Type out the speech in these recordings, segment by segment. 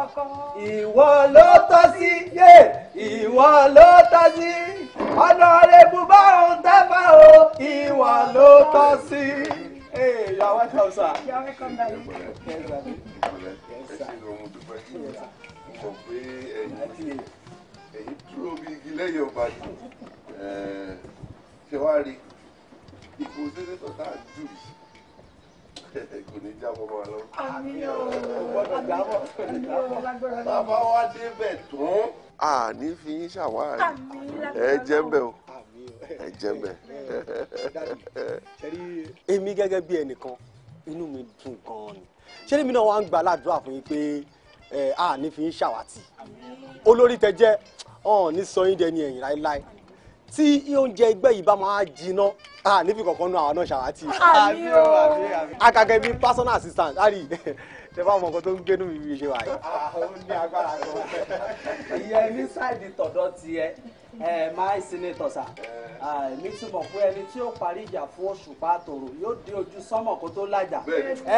ọkọ ìwọ ló tọ́ sí yé ìwọ ló tọ́ sí ọ̀nà rẹ̀bù bá òun tẹ́fà o ìwọ ló tọ́ sí. Hey, you're welcome, sir. You're welcome, darling. a bá wá débẹ̀ tán àní fi yín ṣàwárí ẹ jẹ́ ń bẹ̀ o ẹ jẹ́ ń bẹ̀. èmi gẹ́gẹ́ bí ẹnìkan inú mi dùn gan-an ni ṣé èmi náà wá ń gba aládùúrà fún yín pé àní fi yín ṣàwátì olórí tẹ jẹ́ ọ̀n ní sọ yín dẹni ẹ̀yìn láéláé tí oúnjẹ ẹgbẹ́ yìí bá máa jiná níbi kọ̀ọ̀kan náà àwọn náà ṣàwátì. àgàgẹ́ bíi personal assistant lárí ṣe bá ọmọ kan tó ń gbénu mi fi ṣe wáyé. àwọn ah, ní agbára lọ. ìyẹn ní sáìdì tọ̀dọ̀ tiẹ̀ ẹ máa senator sà eh. ah, èmi ti mọ̀ pé ẹni tí ó parí ìjà fún òṣùpá tòrò yóò dé ojú sánmọ̀ kó tó lájà.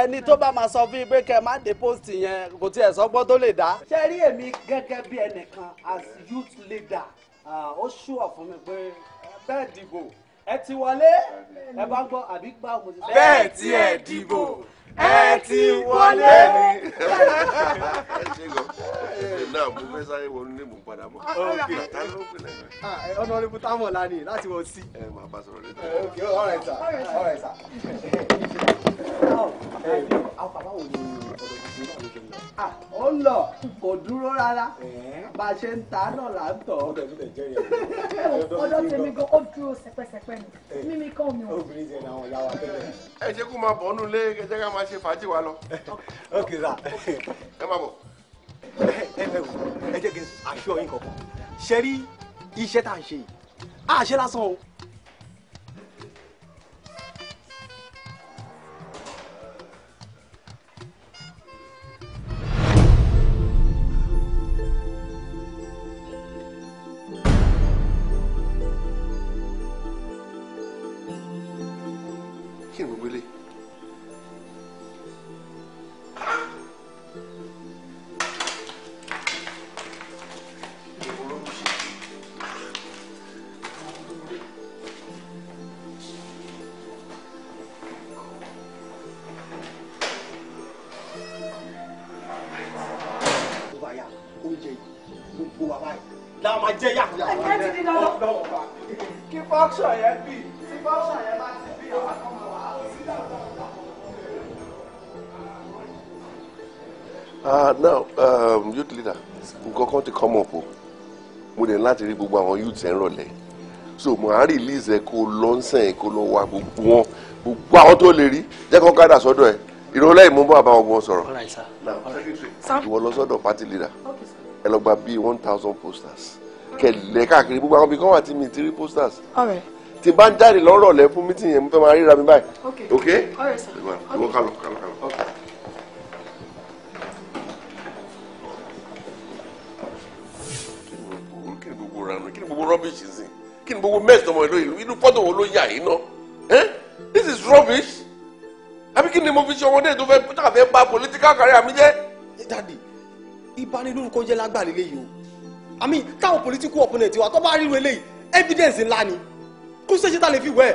ẹni tó bá máa sọ fún yín pé kẹ́ ẹ má dé post yẹn kò tiẹ̀ sọ́gbọ́n tó lè dá. ṣé rí èmi gẹ́gẹ́ bí ẹnìkan as youth leader ah, ó ṣùwọ̀ fún mi pé bẹ́ẹ̀ dìbò ẹ ti wọlé ẹ bá gbọ́ àbí gbà mo bẹ́ẹ̀ tí dìbò ẹ ti wọlé. náà mo fẹ́ sáré wọnú ní mò ń padà bọ̀. ọ̀nàrẹ́bù táwọn ọ̀la ni láti wọ sí. ẹ máa bá sọ̀rọ̀ lẹ́tọ̀. ok all right sir all right sir. àwọn bàbá wo ni ọ̀dọ́ ó ń lọ kò dúró rárá bá a ṣe ń ta náà là ń tọ̀. ọjọ́ tèmi gan ó dúró sẹpẹsẹpẹ ni mímí kan mi ò. ẹ ṣe kó máa bọ̀ ọ́nú lé ẹ jẹ́ ká máa ṣe fàájì wa lọ. ok sà ẹ máa bọ̀. ẹ ẹ wò ẹ jẹ́ kí n aṣọ yín kọ̀ọ̀kan ṣe rí iṣẹ́ tá à ṣe yìí àṣẹ lásán o. láti rí gbogbo àwọn youth ẹ̀ ń rọ̀lẹ́ so mo à ń release ẹ kó lọ́nsẹ̀ ẹ kó lọ wá gbogbo wọn gbogbo àwọn tó lè rí jẹ́ kó kádà sọ́dọ̀ ẹ ìrọ̀lẹ́ ìmú bá àwọn ọmọ sọ̀rọ̀ ìwọ lọ sọ́dọ̀ party leader ẹ lọ gba bíi one thousand posters kẹlẹ káàkiri gbogbo àwọn ibìkan wà tí mi ti rí posters tí bá ń jáde lọ́rọ̀ lẹ́ fún mítìyẹn mo fẹ́ máa ríra mi báyìí ok ìwọ kálọ̀ kálọ̀ kálọ̀. rubbish nsìn kí ni gbogbo mess tọmọ ìlú ìlú inú fọ́tò wo ló yà yín náà ẹ́ this is rubbish àbí kí ni mo fi ṣe ọmọdé tó fẹ́ tó fẹ́ bà political career mi jẹ́. dadi ìbanilórúkọ jẹ́ lágbàlè léyìí o àmì táwọn political opponent wa tó bá ríru eléyìí evidence ńlá ni kó ṣeéṣe tá lè fi wẹ̀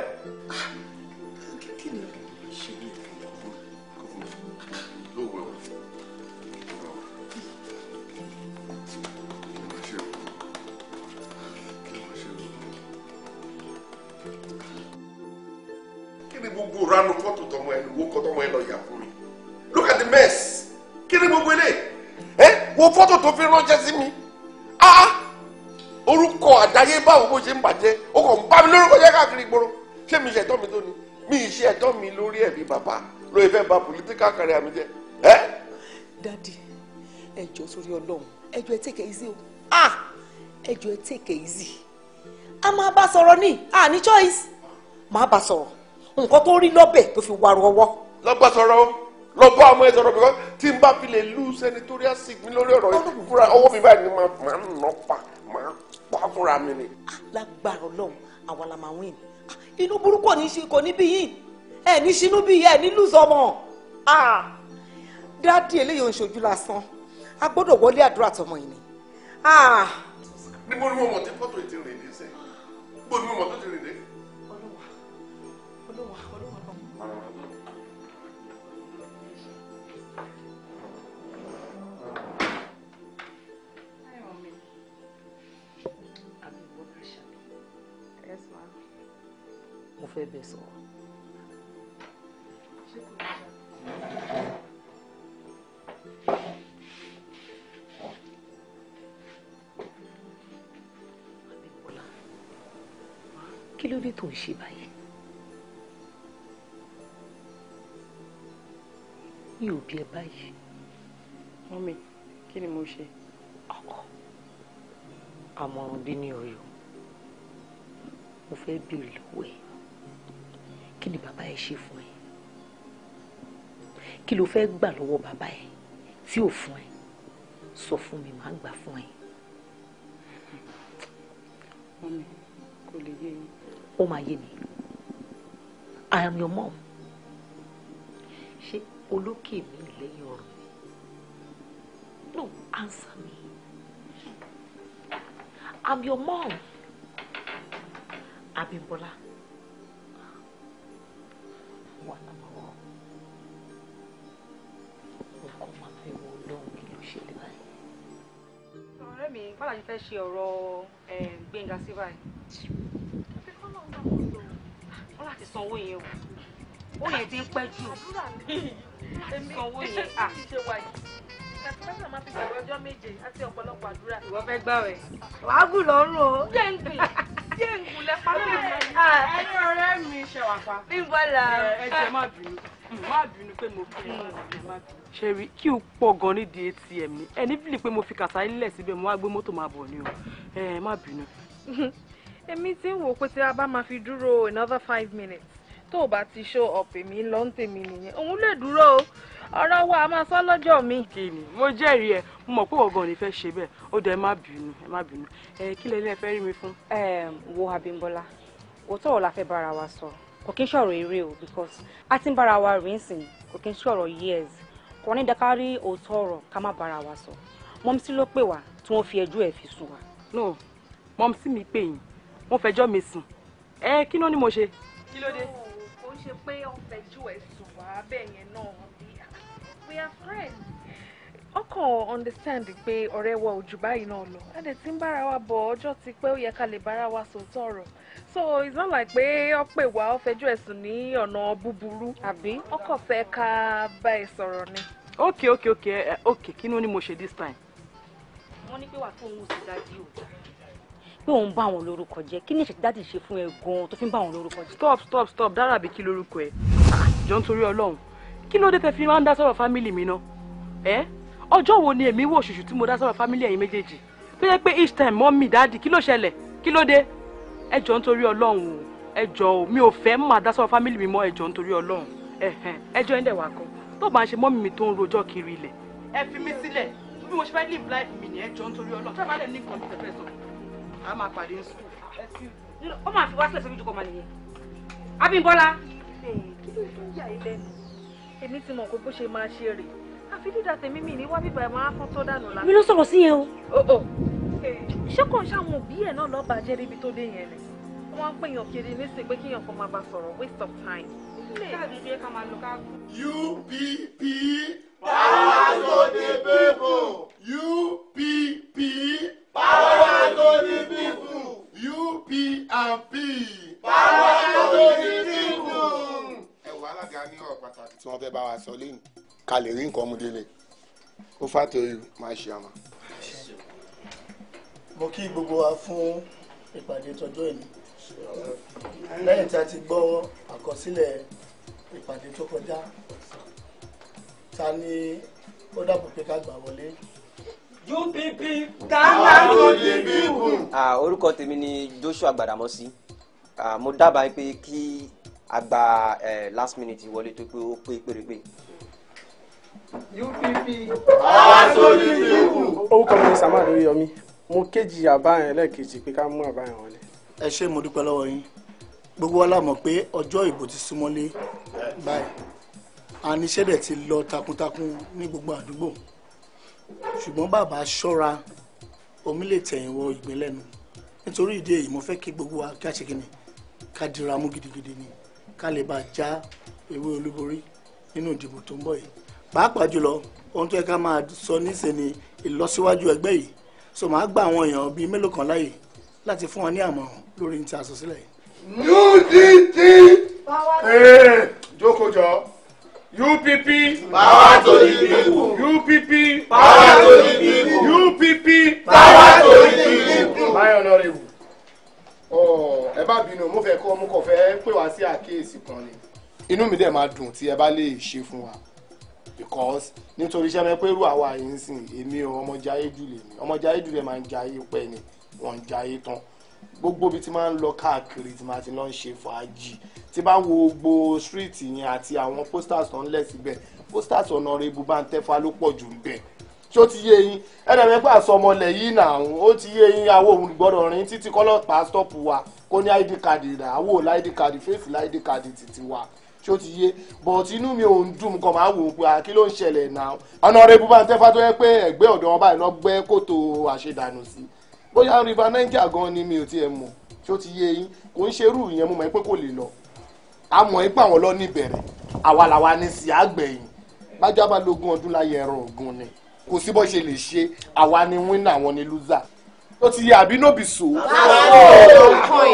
ṣe ń bàjẹ́ ó kàn ń bá mi lórúkọ jẹ́ káàkiri ìgboro ṣé mi ṣe ẹ̀tọ́ mi tó ni mi ṣe ẹ̀tọ́ mi lórí ẹ̀mí bàbá lóye fẹ́ ba political career mi jẹ́ ẹ́. dadi ẹjọ sórí Ọlọ́run ẹjọ ẹ take easy o ah ẹjọ ẹ take easy a máa bá sọ̀rọ̀ ní a ní choice máa bá sọ̀rọ̀ nǹkan tó rí lọ́bẹ̀ tó fi wàrọ̀ ọwọ́. lọ́gbà sọ̀rọ̀ o lọ bá ọmọ ẹ sọ̀rọ̀ bíkọ́ tí n bá fi lè lose senatorial seat mi lórí ọ̀rọ̀ yìí fúnra ọwọ́ mi báyìí ni màá nà pa máa pa fúnra mi ni. Ah, lágbára Ọlọ́run àwa la máa win ah, inú burúkú ò ní ṣe kò ní yín ẹ ní ṣinú bí ẹ ní lùsọmọ ah, dáàdì eléyìí ò ń ṣojú lásán a gbọ́dọ̀ wọlé àdúrà tọmọ yìí ni. níbo ni mo mọ̀ tí fọ́tò ètò rèé dé sẹ́yìn níbo ni mo mọ̀ tó ti rèé dé. fẹ́ bẹ̀ sọ̀rọ̀. kí ló dé tó ń ṣe báyìí mi ò bí ẹ báyìí. mọ́mí kí ni mo ṣe. ọkọ àmọ̀ràn bí ní ọyọ mo fẹ́ kí ni bàbá ẹ ṣe fún ẹ kí ló fẹ́ gbà lọ́wọ́ bàbá ẹ tí ò fún ẹ sọ fún mi màá gbà fún ẹ. ó máa yé mi I am your mom ṣé olókè mi lẹ́yìn ọ̀rọ̀ mi no answer me I'm your mom Abímbọ́lá. bọ́lá ti fẹ́ ṣe ọ̀rọ̀ Gbénga sí báyìí. wọ́n láti san owó yẹn o owó yẹn ti ń pẹ́ jù láti san owó yẹn à. Àtúntò máa fi gbàgbọ́ ọjọ́ méje àti ọ̀pọ̀lọpọ̀ àdúrà. Ìwọ fẹ́ gbà rẹ̀. Wàá gùn lọ́rùn o. Jẹ́ ń gbìn. Jẹ́ ń gùn lẹ́pàá lọ́rùn. Ẹ̀yin ọ̀rẹ́ mi ṣẹ̀wà pa. Bímbọ́lá. Ẹ jẹ́ má bínú má bínú pé mo fi ṣe rí kí o pọ̀ gan nídìí atm ni ẹni bìlì pé mo fi kàtà ilẹ̀ síbẹ̀ mo wá gbé mọ́tò máa bọ̀ ni o ẹ má bínú. èmi ti ń wò pé tí a bá máa fi dúró another five minutes tó o bá ti show up èmi lọ ń tèmi nìyẹn òun lè dúró o ọ̀rọ̀ wa a máa sọ lọ́jọ́ mi. kí ni mo jẹ́rìí ẹ mo mọ̀ pé ọ̀gàn ni fẹ́ ṣe bẹ́ẹ̀ ó dẹ̀ má bínú ẹ má bínú ẹ kí lẹ́lẹ́ fẹ́ rí mi fún. wo Abímbọ́lá òótọ́ ọ̀la fẹ́ bára wa sọ kò kí n sọ̀rọ̀ eré o because a ti ń bára wa rìn sìn kò kí n sọ̀rọ̀ years kò ní dáká rí òótọ́ ọ̀rọ̀ ká má bára wa sọ mọ́mísí ló pè wá tí wọ́n fi ẹjọ́ ẹ̀ fi sùn wá. no mọ́mísí mi pè yín wọ́n fẹjọ́ mi sùn ẹ kí ló ní mo ṣe. kí ló dé. kò ń ṣe pé wọ́n fẹjọ́ ẹ̀ sùn wá bẹ́ẹ̀ yẹn náà bí we are friends ọkàn understand pé ọ̀rẹ́ wa ò jù báyìí náà lọ a ti ń bára wa bọ̀ ọjọ́ ti pẹ́ ó yẹ ká lè bára wa sòótọ́ ọ̀rọ̀ so it's not like pé ọ pè wá ọ fẹjọ́ ẹ̀sùn ní ọ̀nà búburú àbí ọkọ̀ fẹ́ ká bá ẹ sọ̀rọ̀ ni. ok ok ok ok kí ni ó ní mo ṣe this time. wọ́n ní pé wà tó ń wù sí dájú o pé òun bá wọn lórúkọ jẹ́ kí ni ìṣẹ̀dá ti ṣe fún ẹ gan tó fi ń bá wọn lórúkọ jẹ́. stop stop stop dára bí kí lórúkọ ẹ jọ nítorí Ọlọ́run kí ló dé tẹ fi máa ń dá sọ̀rọ̀ fámìlì mi ná ẹ ọjọ́ wo ni èmi wò ṣùṣù tí mo dá sọ̀rọ̀ fámìlì ẹ̀yin méjèèjì tó yẹ pé each time mọ́ mi dáàdì kí ló ṣẹlẹ̀ kí ló dé ẹ jọ̀ọ́ nítorí Ọlọ́run o ẹ jọ̀ọ́ o mi ò fẹ́ má dá sọ̀rọ̀ fámìlì mi mọ́ ẹ jọ̀ọ́ nítorí Ọlọ́run ẹ jọ̀ọ́ ẹ̀ ń dẹ̀ wá kan tó bá ń ṣe mọ́mì mi tó ń rojọ́ kiri ilẹ̀ ẹ fi mí sílẹ̀ bí mo ṣe fẹ́ live life mi ni ẹ jọ̀ọ́ nítorí Ọlọ́run fẹ́ bá dẹ̀ ní nǹkan tó fẹ́ sọ a máa pàdé ń sùn. ó máa fi wá sílẹ̀ sórí ìjókòó ọmọ nìyẹn Abímbọ́lá. kí ló tún yà í lẹ́nu èmi ti mọ̀ pé bó ṣe máa ṣe rè àfi dídà tèmi mi ní wá bíbá ẹ̀ máa fọ́n tó dànù la. mi ló sọ̀rọ̀ sí yẹn o. Oh, oh ṣé kò ń òbí ẹ̀ náà lọ́ọ́ bàjẹ́ níbi tó dé yẹn ni wọ́n ń pèyàn kiri nísìnyí pé kíyàn kan máa bá sọ̀rọ̀ waste of time. UPP power to the people UPP power to the people UP and P power to the people. ẹ wọ alága ní ọ̀rọ̀ pàtàkì tí wọ́n fẹ́ bá wa sọ lẹ́nu ká lè rí nǹkan mú délé ó fàtẹ́ oyún máa ṣe àmà mo kí gbogbo wa fún ìpàdé tọjọ́ ìlú lẹ́yìn tí a ti gbọ́ àkọsílẹ̀ ìpàdé tó kọjá ta ni ó dàbò pé ká gbà wọlé. UPP dáná ló lè wù. orúkọ tèmi ni Joshua Gbàdámọ́sí mo dábàá pé kí a gba last minute wọlé tó pé ó pé pérépé. UPP aṣojú ìlú. orúkọ mi ni Samuel Adéyọmí mo kéjì àbá yẹn lẹ́ẹ̀kejì pé ká mú àbá wọlé. ẹ ṣé mo dúpẹ́ lọ́wọ́ yín gbogbo wa la mọ̀ pé ọjọ́ ìbò ti súnmọ́lé báyìí àníṣẹ́dẹ̀ ti lọ takuntakun ní gbogbo àdúgbò ṣùgbọ́n bàbá ṣọ́ra omi lè tẹ̀yìn wọ ìgbín lẹ́nu nítorí ìdí èyí mo fẹ́ kí gbogbo wa kí a ṣe kíni ká dira mú gidigidi ni ká lè bá já ewé olúborí nínú ìdìbò tó ń bọ̀ yìí pàápàá jùlọ ohun tó yẹ ká máa sọ níṣẹ́ ni ìlọsíwájú ẹgbẹ́ yìí so màá gba àwọn èèyàn bíi mélòó kan láàyè láti fún wọn ní àmọ̀ràn lórí ní ti aṣọ sílẹ̀ yìí. UDT ee eh, jókòjọ UPP power to the people UPP power to the people UPP power to the people. my honourable oh, ẹ bá bínú mo fẹ́ kó mo kàn fẹ́ pè wá sí àkíyèsí kan ni inú mi dẹ̀ máa dùn tí ẹ bá lè ṣe fún wa because nítorí iṣẹ́ mẹ́pẹ́ irú àwa yìí ń sìn èmi ò ọmọjayé jùlẹ̀ mi ọmọjayé jùlẹ̀ máa ń jayé pẹ́ ni wọ́n ń jayé tán gbogbo ibi tí máa ń lọ káàkiri tí máa ti lọ ń ṣe fàájì tí bá wo gbogbo street yẹn àti àwọn posters tó ń lẹ̀ síbẹ̀ posters honorable Bántífá ló pọ̀ jù ń bẹ̀ tí ó ti yé yín ẹ̀ẹ́dẹ̀mẹ́gbà sọmọlẹ̀ yìí nà ó ti yé yín àwọn òun gbọ́dọ̀ rìn títí kọ́lọ́pàá stop wa kó ní id card rà àwọ̀ id card fèsì id card títí wa ṣó ti yé but inú mi ò ń dùn kàn máa wò ó pé kí ló ń ṣẹlẹ̀ náà honorable Bántífá tó yẹ pé ẹgbẹ́ ọ̀dọ̀ wọn báyìí lọ́ọ́ gbẹ́ kòtò àṣedànù sí bóyá river niger gan ni mi ò tiẹ̀ mọ̀ ṣó ti yé yín kò ń ṣerú ìyẹn mo mọ̀ pé kò lè lọ àmọ́ ipá àwọn lọ́ọ́ níbẹ̀rẹ̀ àwa làwa ní sí àgbẹ̀yìn bájá bá lógún ọdún láyé ẹran ògùn ni kò sí bó ṣe lè ṣe àwa ni wínà àwọn ni lúzà tó ti yẹ àbí nóbì so.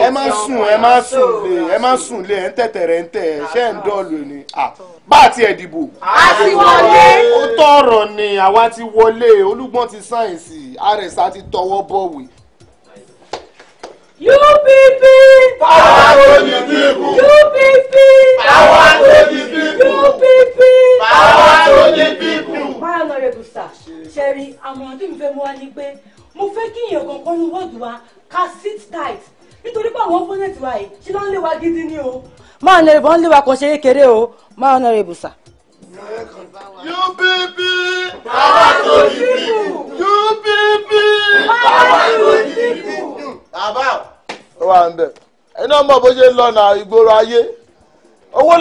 ẹ má sùn ẹ má sùn lé ẹ má sùn lé ẹ ń tẹ̀tẹ̀ rẹ̀ ń tẹ̀ ṣẹ́ ń dọ́ọ̀lù ni bá a ti ẹ̀ dìbò. a ti wọlé. ó tọrọ ni àwa ti wọlé olúgbọ́n ti sáyẹ̀nsì àrẹ̀sà ti tọwọ́ bọ̀wé. UPP. Power to the people. UPP. Power to the people. UPP. Power to the people. Báyọ̀ lọ rẹ̀ bùsà, ṣe rí ọdún ìfẹ́ mu wá ní pé mo fẹ́ kí èèyàn kan ní wọ́ọ̀dù wa ká sit tight nítorí pé àwọn wa yìí ló ń gidi ni o. máa nà ìbọn lé wa kò o máa nà ìbùsà. UPP power to the people UPP power to the people. bàbá ó wà ń bẹ bó ṣe ń lọ nà ìgboro ayé owó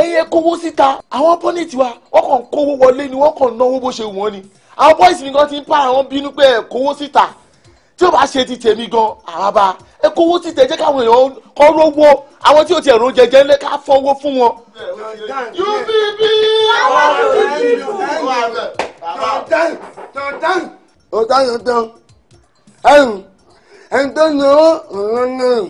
ẹ̀yin ẹ kówó síta àwọn opponent wa wọ́n kàn kówó wọlé ni wọ́n kàn náwó bó ṣe wọ́n ni àwọn boys mi gan ti ń pa àwọn bínú pé ẹ kówó síta tí ó bá ṣe ti tèmi gan àràbà ẹ kówó síta ẹ jẹ́ káwọn èèyàn kọ́ rówó àwọn tí ò tiẹ̀ ro jẹjẹ ńlẹ́ ká fọwọ́ fún wọn. ubb àwọn olùdíje fún wa rẹ̀ tọ̀tán tọ̀tán. ọ̀tá yóò tán ẹ̀rù ẹ̀ńtọ́ ni ó ń náà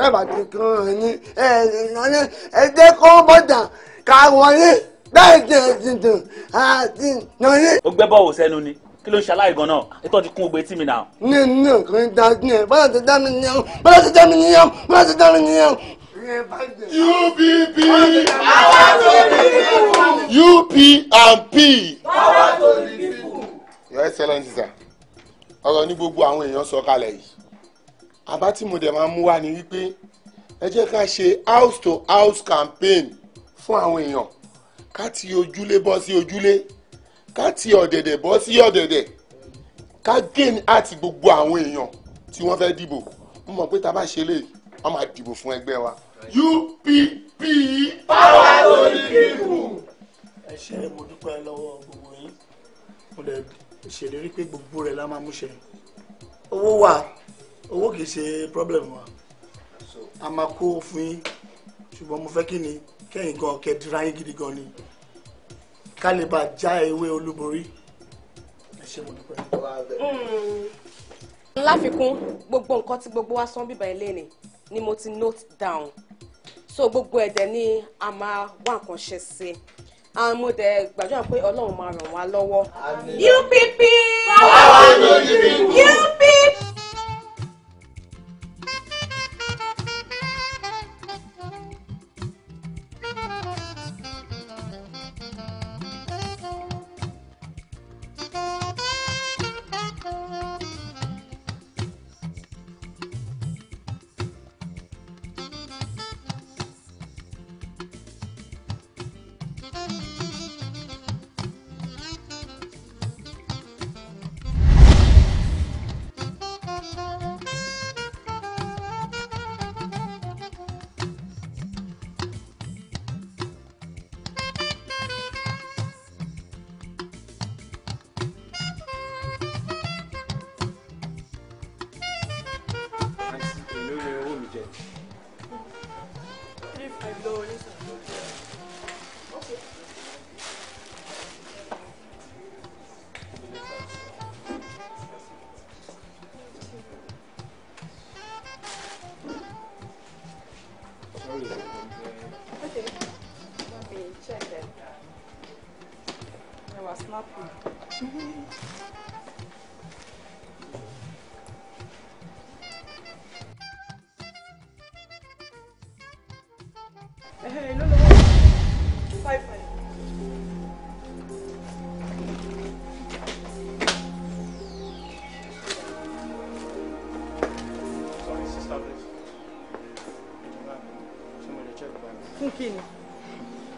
tẹ́ẹ̀bà ti kan ẹ̀yìn ẹ̀ẹ́dẹ̀ẹ́dẹ́ ẹ̀ẹ́dẹ́ kọ́ bọ̀dà ká wọlé bẹ́ẹ̀ dẹ̀ẹ̀dẹ̀dẹ̀ àti nàlẹ́. ó gbẹ́ bọ́ọ̀wù sẹ́nu ni kí ló ń ṣaláì gan náà ètò ti kún ogbe tí mi nà. ní ní kò ní da ní ẹ bọ́lá ti dá mi níyàwó bọ́lá ti dá mi níyàwó bọ́lá ti dá mi níyàwó. UBB to the UP and P to the Your Excellency sir ọ̀rọ̀ ní gbogbo àwọn èèyàn sọ kalẹ̀ yìí àbá tí mo dẹ̀ máa mú wá ni wípé ẹ jẹ́ ká ṣe house to house campaign fún àwọn èèyàn ká ti ojúlé bọ́ sí ojúlé ká ti ọ̀dẹ̀dẹ̀ bọ́ sí ọ̀dẹ̀dẹ̀ ká gain àti gbogbo àwọn èèyàn tí wọ́n fẹ́ dìbò mo mọ̀ pé tá a bá ṣe léyìí wọ́n máa dìbò fún ẹgbẹ́ wa. UPP power to the people. ẹ ṣe mo dúpẹ́ lọ́wọ́ gbogbo yín mo lè ṣèlérí pé gbogbo rẹ̀ la máa mú ṣe owó wà owó kì í ṣe problem wa a máa kó fún yín ṣùgbọ́n mo fẹ́ kí ni kẹ́yìn gan kẹ́dìrá yín gidi gan ni ká lè bá já ewé olúborí ẹ ṣe mo dúpẹ́. Hmm. láfikún gbogbo nǹkan tí gbogbo wa sọ bíbá ilé ni ni mo ti note down so gbogbo ẹ̀dẹ̀ ni a máa wá nǹkan ṣe sí i àwọn mo dẹ̀ gbàdúrà pé ọlọ́run máa ràn wá lọ́wọ́. UPP. power to UPP. UPP.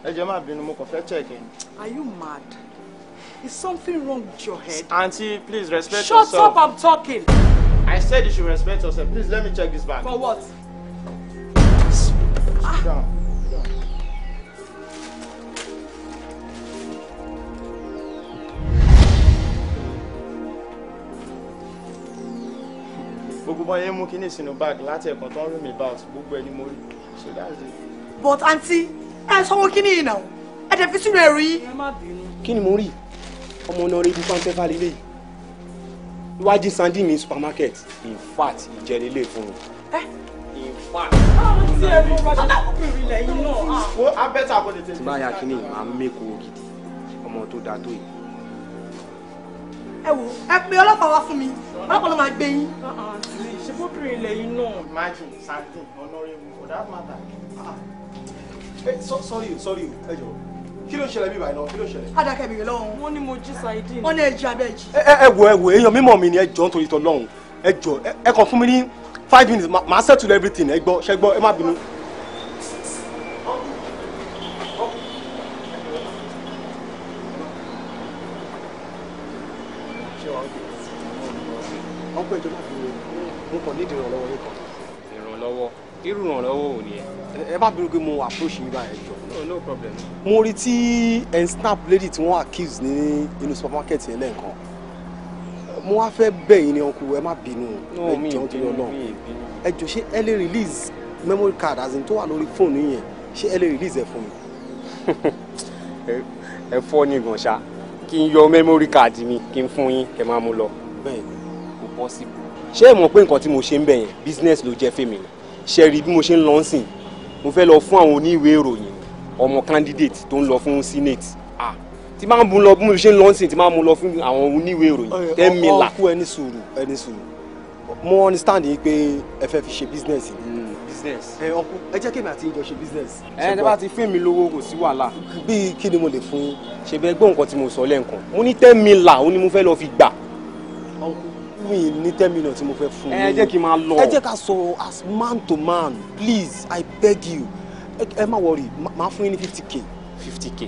ẹ jẹ́ bínú mo kàn fẹ́ check in. are you mad is something wrong with your head. aunty please respect shut yourself. shut up i'm talking. i said you should respect yourself please let me check this bag. for what. ah. ah. gbogbo bọ́ mú kí ní ìsinú láti ẹ̀kan tó ń rí mi about gbogbo ẹ̀ mo rí so that's it. but aunty ẹ sanwó kí ni ìnà o ẹ tẹ fi sínú ẹrù yìí. kí ni mo rí ọmọ náà rí ibi pàǹtẹ́ fàlẹ́ lẹ́yìn iwájú sandy mi supermarket in fact ìjẹ́lélẹ̀ fún mi. in fact. báwo ti ẹ mọ bàtà kókèrè lẹ́yìn náà. Ah. wo abẹ́tà kò tètè. tí bá yà kí ni màá mẹ́kọ̀ọ́ gidi ọmọ tó dáa tó yìí ẹ wò ẹ pe ọlọ́pàá wá fún mi ọlọ́pàá ló máa gbé yín. ṣe ah, ah, bóbìnrin ilẹ̀ yìí náà. imagine sardine honorable for that matter. Eh, sorry, sorry. sọ́rí o ẹ jọ̀ọ́ kí ló ń ṣẹlẹ̀ bí ìbàdàn náà kí ló ń ṣẹlẹ̀. adaka ìbèrè lọ́hùn. wọ́n ní mo jí saidi. wọ́n ní ẹ jí abẹ́ jí. ẹ ẹ wo ẹ wo èèyàn mímọ̀ mi ni ẹ jọ̀ọ́ nítorí tọlọ́hun ẹ jọ̀ọ́ ẹ kàn fún mi ní five minutes màá settle everything ẹ gbọ́ ṣẹ gbọ́ ẹ má bínú. má bínú pé mo approach yín báyẹn jọ. no no problem. mo rí tí ẹn snap lady tí wọ́n accuse ní inú supermarket yẹn lẹ́ẹ̀kan mo wá fẹ́ bẹ̀ yín ní ọkùnrin ẹ má bínú ẹ jẹun tó yọ náà ẹ jọ ṣé ẹ lè release memory card as in tó wà lórí fóònù yẹn ṣé ẹ lè release ẹ fún mi. ẹ fọ́ ní gan ṣá kí n yọ memory card mi kí n fún yín kẹ máa mú lọ. bẹ́ẹ̀ni kò possible. ṣé ẹ mọ̀ pé nǹkan tí mo ṣe ń bẹ̀ yẹn business ló jẹ́ fèmí ṣe rí bí mo ṣe ń lọ́nsìn mo fẹ́ lọ fún àwọn oníwèé ìròyìn ọmọ candidate tó ń lọ fún senate ah tí máa ń mú lọ bí mo ṣe ń lọ ń sìn tí máa ń mú lọ fún àwọn oníwèé ìròyìn ten mila. ọkọ ẹni sùúrù ẹni sùúrù mo understand yìí pé ẹ fẹ́ fi ṣe business yìí. Hmm, business. ẹ ọkọ ẹ jẹ́ kémi àti ìjọ ṣe business. ẹ ẹ bá ti fún mi lówó kò sí wàhálà. bí kí ni mo lè fún ṣe bẹ gbọ́ nǹkan tí mo sọ lẹ́ǹkan mo ní ten mila ó ní mo fẹ́ lọ fi gbà. ọkọ mi ní ten minutes tí mo fẹ́ fún yín. ẹ jẹ́ kí n máa lọ. ẹ jẹ́ ká sọ as man to man please i beg you ẹ má wọrí máa fún yín ní fifty k. fifty k.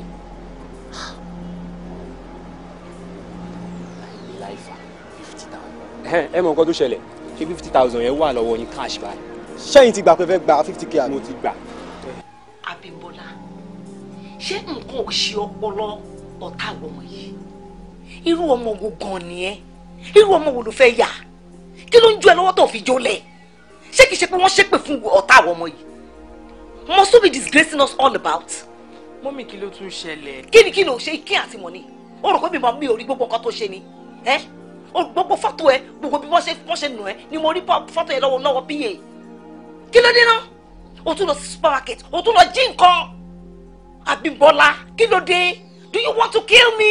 ẹ mọ nǹkan tó ṣẹlẹ̀ ṣé fifty thousand yẹn wà lọ́wọ́ yín cash báyìí. ṣẹ́yìn ti gbà pé fẹ́ gba fifty k àná. mo ti gbà. Abímbọ́lá ṣé nǹkan ò ṣe ọpọlọ ọ̀tá àwọn ọmọ yìí irú ọmọ wo gan ni ẹ́ irú ọmọ wo ló fẹ́ yà kí ló ń jó ẹ lọ́wọ́ tó fi jólẹ̀ ṣé kìí ṣe pé wọ́n ṣépè fún ọ̀tá àwọn ọmọ yìí must we be disgracing us all about. mọ́mí kí ló tún ṣẹlẹ̀. kí ni kí ló ṣe kí àti mọ̀ ni o rò pé mi máa mi ò rí gbogbo nǹkan tó ṣe ni ẹ o gbogbo fọ́tò ẹ gbogbo bí wọ́n ṣe wọ́n ṣe nù ẹ ni mo rí fọ́tò ẹ lọ́wọ́ lọ́wọ́ pa kí ló dé náà o tún lọ sí supermarket o tún lọ jí nǹkan àbí bọ́lá kí ló dé do you want to kill me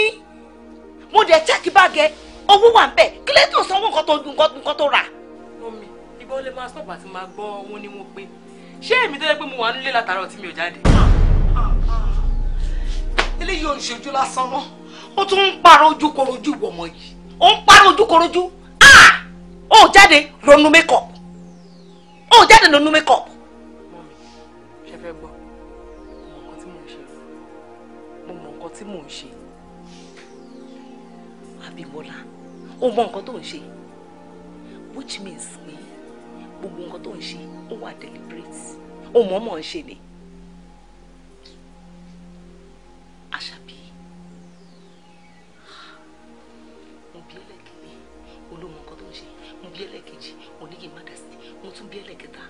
mo dẹ̀ check bag ẹ owó wà ń bẹ̀ kí lè tó sanwó nǹkan tó nǹkan tó rà. omi ìgbà olè máa stop àti máa gbọ́ ohun ni wọ́n pé ṣé èmi tó yẹ pé mo wà nílé látàárọ̀ tí mi ò jáde. eléyìí ò ń ṣojú lásán mọ́ ó tún ń parọ́ ojúkorojú ìwọ ọmọ yìí ó ń parọ́ ojúkorojú ah! ó jáde ronú makeup ó jáde ronú makeup. mọ́mi ṣe fẹ́ gbọ́ mo mọ nǹkan tí mò ń ṣe mo mọ nǹkan tí mò ń ṣe àbíwọ́lá ó mọ nǹkan tó ń ṣe which means pé gbogbo nǹkan tó ń ṣe ó wà deliberate ó mọ̀ mọ̀ ń ṣe ni. àṣàbí mo bí ẹlẹ́kẹ̀ẹ́ olómọ nǹkan tó ń ṣe mo bí ẹlẹ́kẹ̀jì oníyè má dá sí mo tún bí ẹlẹ́kẹ̀ta.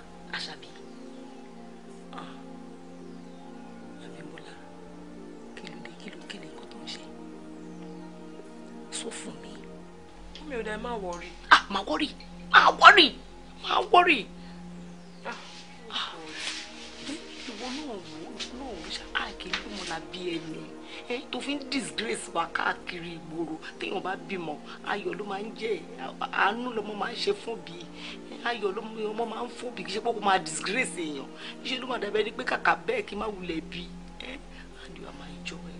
má worry, ah má worry, má worry, má worry. Ah, ah. ìwọ náà wò ó náà wò ó ṣáàkiri bí mo là bí ẹni tó fi ń disgrace wa káàkiri ìgboro téèyàn bá bímọ ayọ̀ ló máa ń jẹ àánú lọmọ máa ń ṣe fún bí ayọ̀ lọmọ máa ń fún bí kì ṣe pé máa disgrace èèyàn ṣe ló máa dàbẹ́ ni pé kàkà bẹ́ẹ̀ kí n má wulẹ̀ bí àdìwà máa ń jọ ẹ.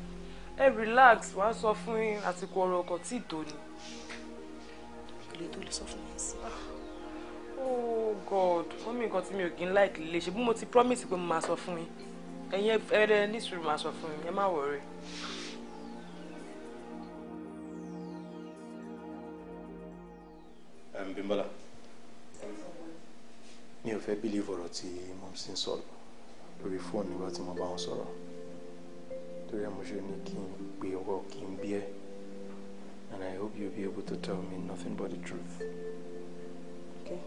ẹ relax wàá sọ fún àsìkò ọ̀rọ̀ ọkọ̀ tí ì tó ni sọ oh god wọ́n mi nǹkan tí mi ò kí ń láìkì lè ṣe bí mo ti promise pé mo máa sọ fún yín ẹ̀yin ẹ̀rẹ́ nísìrò máa sọ fún yín ẹ má wọ̀rẹ́. Bímbọ́lá mi ò fẹ́ bílíìfù ọ̀rọ̀ tí mo sì ń sọ̀rọ̀ lórí fóònù nígbà tí mo bá wọn sọ̀rọ̀ torí ẹ̀ mo ṣe ní kí n pe ọwọ́ kí n bí ẹ́. And I hope you'll be able to tell me nothing but the truth. Okay?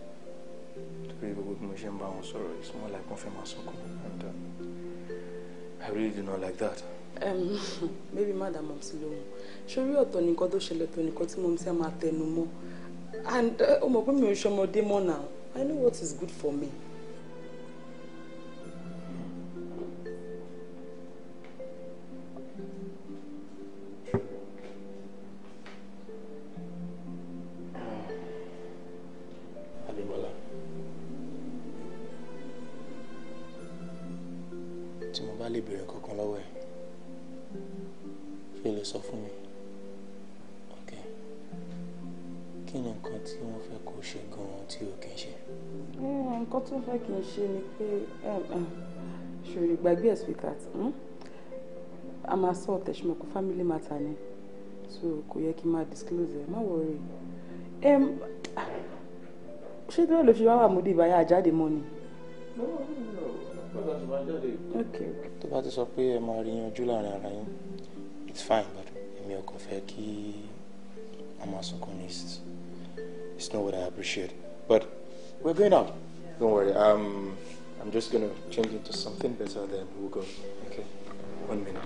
To be able to ṣe ń bá wọn sọ̀rọ̀, it's more like confirmation fẹ́ máa sunkún. And uh, I really do not like that. Um, maybe madam mọ̀mísí lóhùn. Ṣorí ọ̀tọ̀ nìkan tó ṣẹlẹ̀ tó nìkan tí mọ̀mísí á máa tẹnu mọ́. And ó eh, mọ̀ pé I know what is good for me. gbàgbé ẹ̀ sweetheart hmm? a máa sọ ọ̀tẹ̀ ṣe mọ̀ kó family matter ni so kò yẹ kí n máa disclose ẹ̀ má worry ṣé dúró ló fi wá wà múdí ìbáyà àjáde mọ́ ni. tó bá ti sọ pé ẹ máa rí yanjú láàrin ara yín it's fine but èmi ò kàn fẹ́ kí a máa sunkún ní east it's not what I appreciate but we're going out don't worry. Um, I'm just going to change it to something better, then we'll go. Okay? One minute.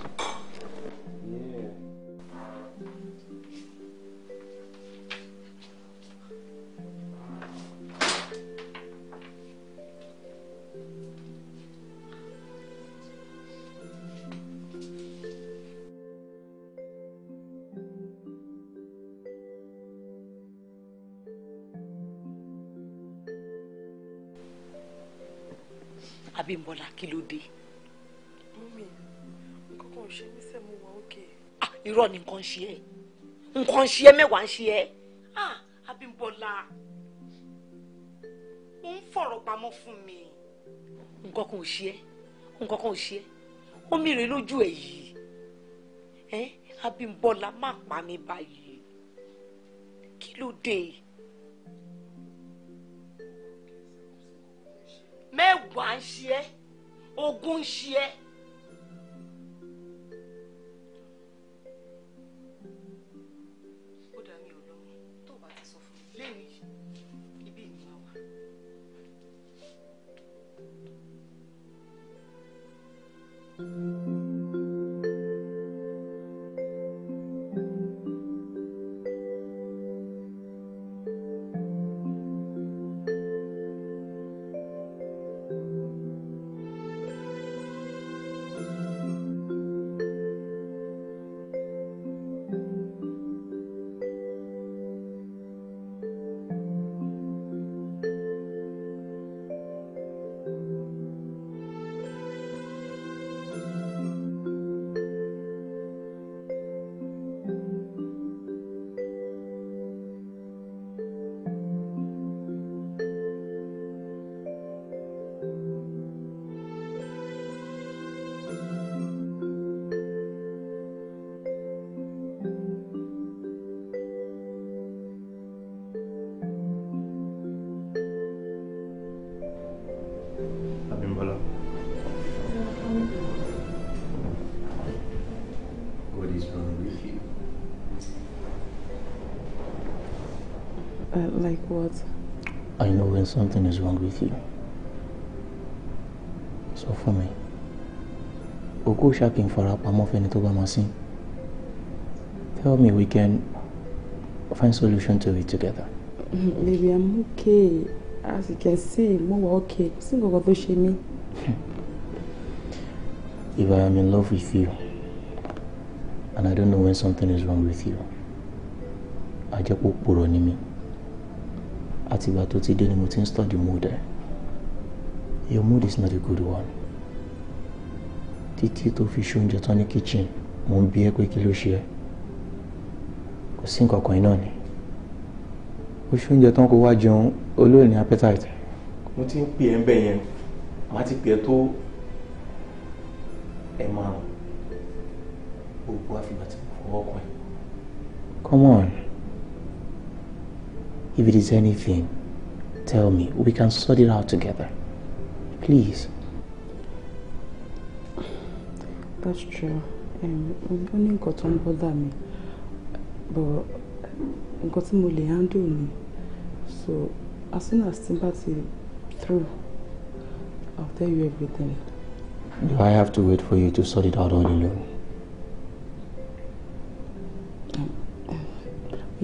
kí ló dé. mọ́mí nǹkan kan ṣe mí sẹ́ mo wà ókè. Ah, irọ́ ni nǹkan ń ṣe ẹ́ nǹkan ń ṣe ẹ́ mẹ́wàá ń ṣe ẹ́ ah, Abímbọ́lá ó ń fọ̀rọ̀ pamọ́ fún mi. nǹkan kan ò ṣe ẹ́ nǹkan kan ò ṣe ẹ́ ó mìíràn lójú ẹ̀ yìí ẹ́ Abímbọ́lá má pa mi báyìí kí ló dé. mẹ́wàá ń ṣe ẹ́ ogun ń thank you Like what? I know when something is wrong with you. So for me, Òkú ṣàkín for fẹ́ni tó bá máa sìn. Tell me we can find solution to it together. Maybe I'm okay. As you can see, mo okay. Single nǹkan tó shame mí. If I am in love with you and I don't know when something is wrong with you, I àjẹpọ̀ pòrọ̀ ni me àti ìgbà tó ti dé ni mo ti ń study mood ẹ your mood is not a good one títí tó fi ṣe tán ní kitchen mo ń bí ẹ pé kí ló ṣe ẹ kò sí nǹkan kan iná ni ó ṣe tán kó wá jẹun olóòní appetite. mo ti ń pè ẹ́ ń bẹ̀ yẹn màá ti pè ẹ́ tó it is anything, tell me. We can sort it out together. Please. That's true. Um, ní nǹkan tó ń bọ́dà but nǹkan tí mo lè handle me. So as soon as sympathy through, I'll tell you everything. Do I have to wait for you to sort it out on your own?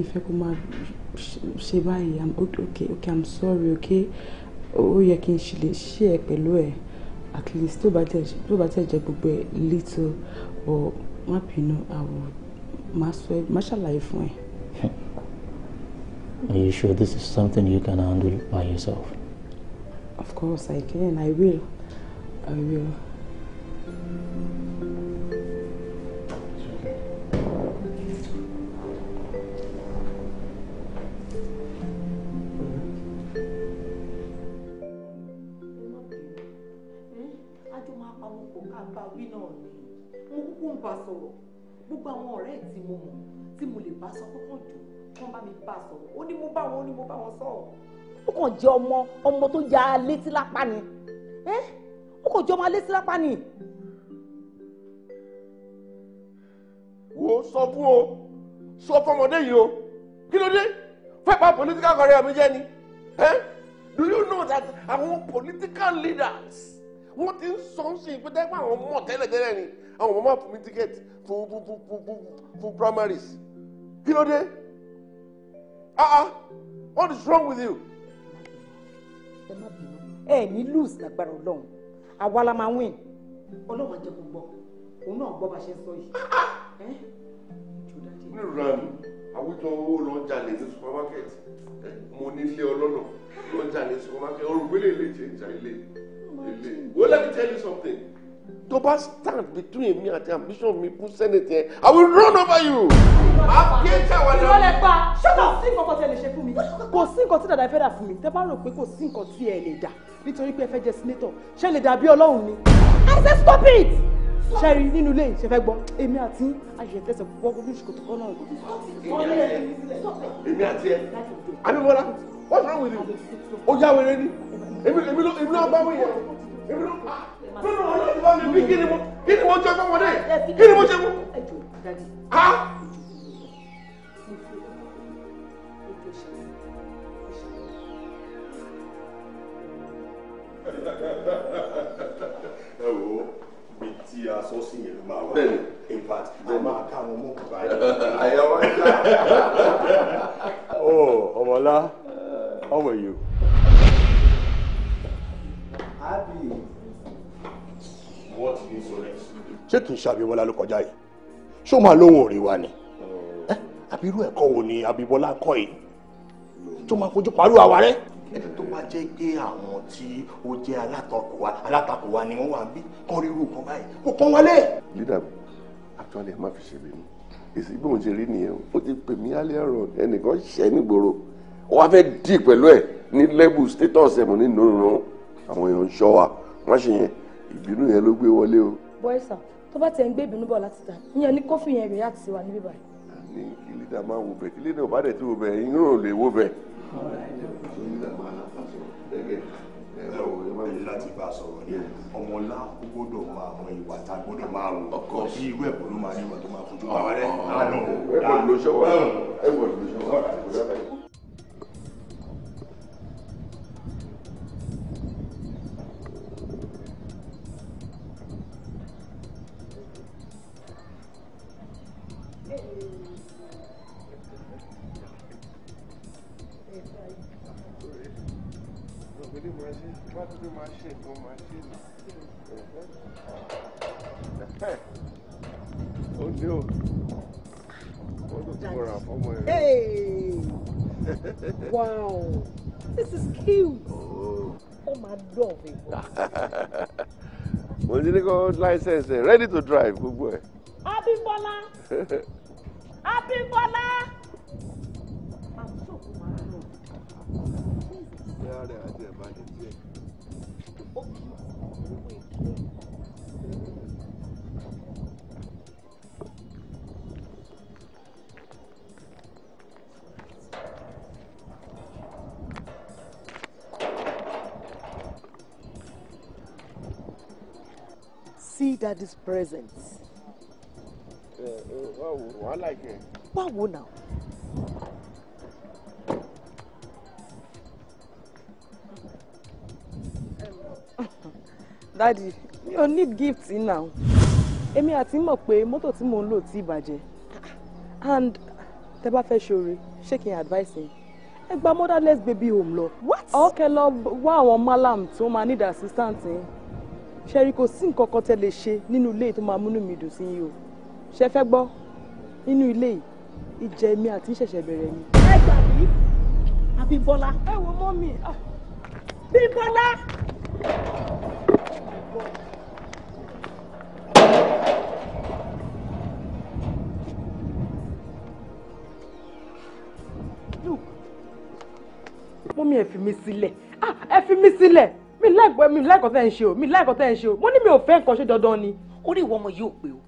Ìfẹ́ um, um, kò máa ṣe báyìí i'm okay okay i'm sorry okay ó yẹ kí n ṣe lè ṣe ẹ pẹ̀lú ẹ at least tó bá tẹ̀ tó bá tẹ̀ jẹ́ gbogbo ẹ little or má bínú àwọ̀ má sọ ẹ má ṣàlàyé fún ẹ. Are you sure this is something you can handle by yourself? Of course I can. I will. I will. tí mo mọ̀ tí mo lè bá sọ pé kàn jù kàn bá mi bá sọ ó ní mo bá wọn ó ní mo bá wọn sọ. ó kàn jẹ́ ọmọ ọmọ tó ya létí lápá ni ó kàn jẹ́ ọmọ létí lápá ni. wo sọ fún o sọ fọmọdé yìí o kí ló dé fẹ́ political career mi jẹ́ ni. Eh? Do you know that àwọn political leaders wọ́n ti ń sọ ń sìn ìpínlẹ̀ pé àwọn mọ̀ tẹ́lẹ̀tẹ́lẹ̀ ni àwọn ọmọ máa fún mi tíkẹ́ẹ̀tì fún fún fún fún fún fún primaries kí ló dé ah ah what is wrong with you. ẹ má bínú ẹ ní lose lágbára ọlọ́run àwa la máa win ọlọ́run àjẹ kò gbọ́ òun náà gbọ́ bá ṣe ń sọ yìí. ní ram àwùjọ owó lọ jalè ní supermarket mo nílé ọlọ́nà lọ jalè ní supermarket orúkọ ilé ilé jẹ ìjà ilé ilé well let me tell you something tó bá stand between èmi àti ambition mi fún senate yẹn i will run over you. máa kí ẹ tẹ wọn lọ. ìrọ̀lẹ́ pa ṣọ́tọ̀ sí nǹkan tí ẹ lè ṣe fún mi. kò sí nǹkan tí dàda fẹ́ dà fún mi tẹ́ bá rò pé kò sí nǹkan tí ẹ lè dà nítorí pé ẹ fẹ́ jẹ senator ṣe lè dàbí ọlọ́run ni. i say stop it. ṣẹ́ẹ̀rì nínú ilé ìṣe fẹ́ gbọ́ èmi àti ayẹyẹ tẹ̀sẹ̀ púpọ̀ gbogbo ìṣòkò tó kọ́ náà. èmi àti ẹ Abímbọ́lá what's wrong with you? ó yá wẹrẹ ni èmi ló bá wẹ̀ yẹn èmi ló pa nínú ọlọ́run bá mi bí kí ni mo kí ni mo jẹ fọmọdé kí ni mo jẹ fún. ha. ẹ wo mi ti aṣọ sí yẹn ló máa wá in fact mo máa ká àwọn ọmọ kọba yìí. àyà wá ń ká. oh ọmọlá how are you. happy. What insolence? ṣé kì í ṣe Abímbọ́lá ló kọjá yìí ṣó máa lóhùn òrìn wa ni oh. àbí irú ẹ̀kọ́ wo ni Abímbọ́lá kọ́ yìí tó máa fojú parí àwa rẹ. ẹni tó bá jẹ́ pé àwọn tí ó jẹ́ alátakò wa alátakò wa ni wọ́n wà ń bí kán rí irú nǹkan báyìí kó kán wálé. leader actually ẹ má fi ṣe bínú èsì bí òun ṣe rí nìyẹn ó ti pè mí alẹ́ ọ̀rọ̀ ẹnìkan ṣẹ́ nígboro wọ́n fẹ́ dì pẹ̀lú ẹ̀ ní level status ẹ̀ mọ̀ nínú àwọn èèyàn ń ṣọ́ wa wọ́n ṣe yẹn ìbínú yẹn ló gbé wọlé o. bọ́ẹ̀ sà tó bá tiẹ̀ ń gbé ìbínú bọ̀ láti ta ìyẹn ní kọ́fì yẹn rèé àti tiwa níbí báyìí. ní ilé dá máa wo bẹ ilé náà bá dẹ̀ tí wo bẹ irun ò lè wo bẹ. láti bá a sọ̀rọ̀ ní ọmọlá gbọ́dọ̀ máa mọ ìwà tá a gbọ́dọ̀ máa wò ọkọ bí irú ẹ̀ bọ̀ ló ní ìwà tó máa fojú bá wa rẹ̀. ẹ bọ̀ ló ṣọwọ́ ẹ bọ̀ ló ṣọwọ́ ó dé o ó tó ti mọ̀ra fọmọ ẹ. wow this is cute Oh máa dọ̀ mi. mo ti ní kó license ready to drive good boy. Happy ẹ. Happy Abímbọ́lá. See daddy's presence. Uh, uh, like now. dadi mi ò need gift now Emi ati mọ̀ pé mọ́tò tí mò ń lò ti bàjẹ́ and tẹ bá fẹ́ ṣoore ṣé kí advice yín ẹ gba motherless baby home lọ. what ọkẹ lọ wa àwọn malam tó máa need assistant yín ṣẹ́rí kò sí nǹkan kan tẹ lè ṣe nínú ilé yìí tó máa múnú mi dùn sí yín o ṣe fẹ́ gbọ́ nínú ilé yìí ìjẹ mi àti ìṣẹ̀ṣẹ̀ bẹ̀rẹ̀ ni. ẹ gbàgbé àbí ẹ wo mọ́ mi. Ah. bí bọ́lá mọ́mí ẹ fi mí sílẹ̀ ah ẹ fi mí sílẹ̀ mi láìpẹ́ mi láìkọ́ tẹ́ ń ṣe o mi láìkọ́ tẹ́ ń ṣe o mo ní mi ò fẹ́ nǹkan ṣe dandan ni. orí ìwọ ọmọ yìí ò pé o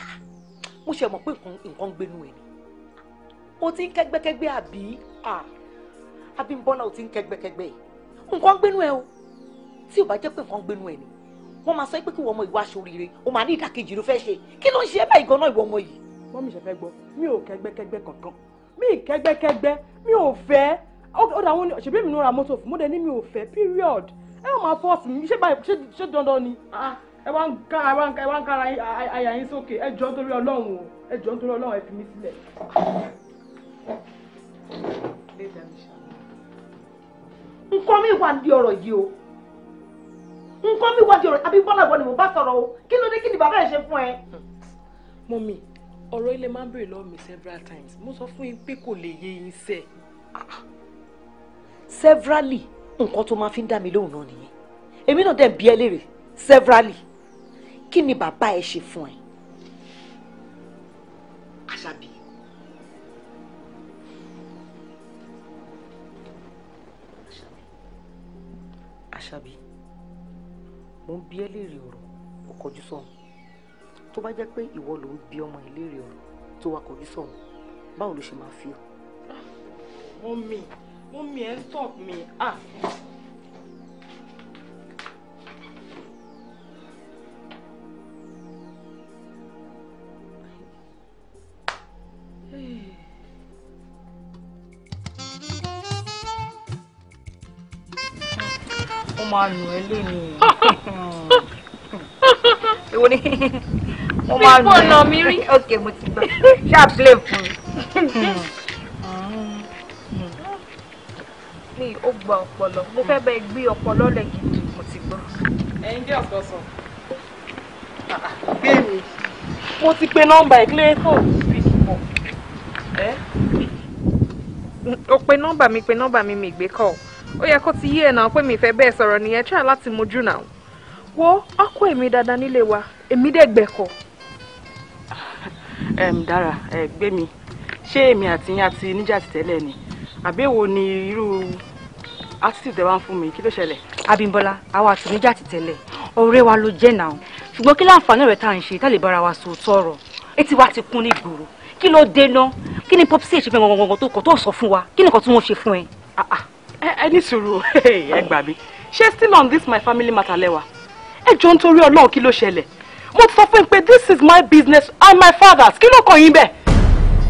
ah, mo ṣe mọ̀ pé nǹkan ń gbénu ẹ̀ ni o ti ń kẹ́gbẹ́kẹ́gbẹ́ àbí Abímbọ́lá ah, o ti ń kẹ́gbẹ́kẹ́gbẹ́ yìí nǹkan ń gbénu ẹ o tí ò bá jẹ́ pé nǹkan ń gbénu ẹ ni wọ́n máa sọ pé kí wọ́n ọmọ ìwà aṣoríire o máa ní ìdàkejì ló fẹ́ ṣe kí ló ń ṣe báyìí gan-an ìwọ ọmọ yìí. wọ́n mi ṣẹ̀fẹ̀ gbọ́ mi ò kẹ́gbẹ́kẹ́gbẹ́ kankan mi ì kẹ́gbẹ́kẹ́gbẹ́ mi ò fẹ́ ó dà wọ́n ṣèbí mi ló ra mọ́tò fún mo dẹ̀ ní mi ò fẹ́ period ẹ wọ́n máa fọ́ọ̀sì mi ṣé báyìí ṣé dandan ni ẹ wá ń ká ẹ wá ń kára àyà yín sókè ẹ jọ̀ọ́ nítorí Ọlọ́run o ẹ jọ̀ọ́ nítorí Ọlọ́run ẹ fi mí sílẹ̀. nǹkan mi wà ní ọ̀rọ̀ yìí o nǹkan mi wájú rẹ̀ àbí bọ́lá ìwọ mo bá sọ̀rọ̀ o kí ló dé kí ni bàbá ẹ̀ ṣe fún ẹ. mọ́mí ọ̀rọ̀ ilé máa ń bèrè lọ́wọ́ mi several times mo sọ fún yín pé kò lè yé yín sẹ́ severally nǹkan tó máa fi ń dá mi lóhùn náà nìyẹn èmi náà dẹ̀ ń bí ẹ léèrè severally kí ni bàbá ẹ ṣe fún ẹ. àṣàbí àṣàbí mo ń bi ẹ́ léèrè ọ̀rọ̀ ó kọjú sọ̀hún tó bá jẹ́ pé ìwọ ló ń bi ọmọ ẹ ọ̀rọ̀ tó wá kọjú sọ̀hún báwo ló ṣe máa fi ọ. mọ́mì mọ́mì ẹ stop mi ah máa nù ẹ́ lónìí. èwo ni wọ́n máa nù ẹ́. mi fọ́nà mi rí. ok mo ti gbọ́ ṣáà play fún mi. mi ò gba ọpọlọ mo fẹ́ bẹ gbé ọpọlọ lẹ̀ gidi mo ti gbọ́. ẹ̀yin jẹ́ ọ̀pọ̀ sọ. gbé mi mo ti pe nọ́mbà ìpínlẹ̀ èkó bí pe nọ́mbà mi pe nọ́mbà mi mi gbé kọ́ ó yẹ kó ti yí ẹ̀ náà pé mi fẹ́ bẹ́ẹ̀ sọ̀rọ̀ nìyẹn tíra láti mojú náà wo ọkọ èmi dáadáa nílé wa èmi dẹ̀ gbẹ̀kọ̀. dára ẹ gbé mi ṣé èmi àti yín àti níjà ti tẹ́lẹ̀ ni àbẹ̀wò ni irú átítì tẹ́ wá ń fún mi kí ló ṣẹlẹ̀. Abímbọ́lá àwa àti níjà ti tẹ́lẹ̀ ọ̀rẹ́ wa ló jẹ́ náà ṣùgbọ́n kí láǹfààní rẹ̀ tá à ń ṣe tá lè bára wa sòótọ́ ọ̀rọ̀ etí wa ti kún ní ìgboro kí ló dé náà kí ni popsi ṣe fẹ́ gbọ̀ngbọ̀ngbọ̀n tó kọ̀ tó sọ fún wa kí ni nǹkan tí wọ́n ṣe fún ẹ. Ah, ah ẹ ní sùúrù ẹ gbà mí ṣé still on this my family matter lẹ́wà ẹ jọ nítorí ọlọ́run kí ló ṣẹlẹ̀ mo ti sọ fún yín pé this is my business and my father's kí ló kàn yín bẹ́ẹ̀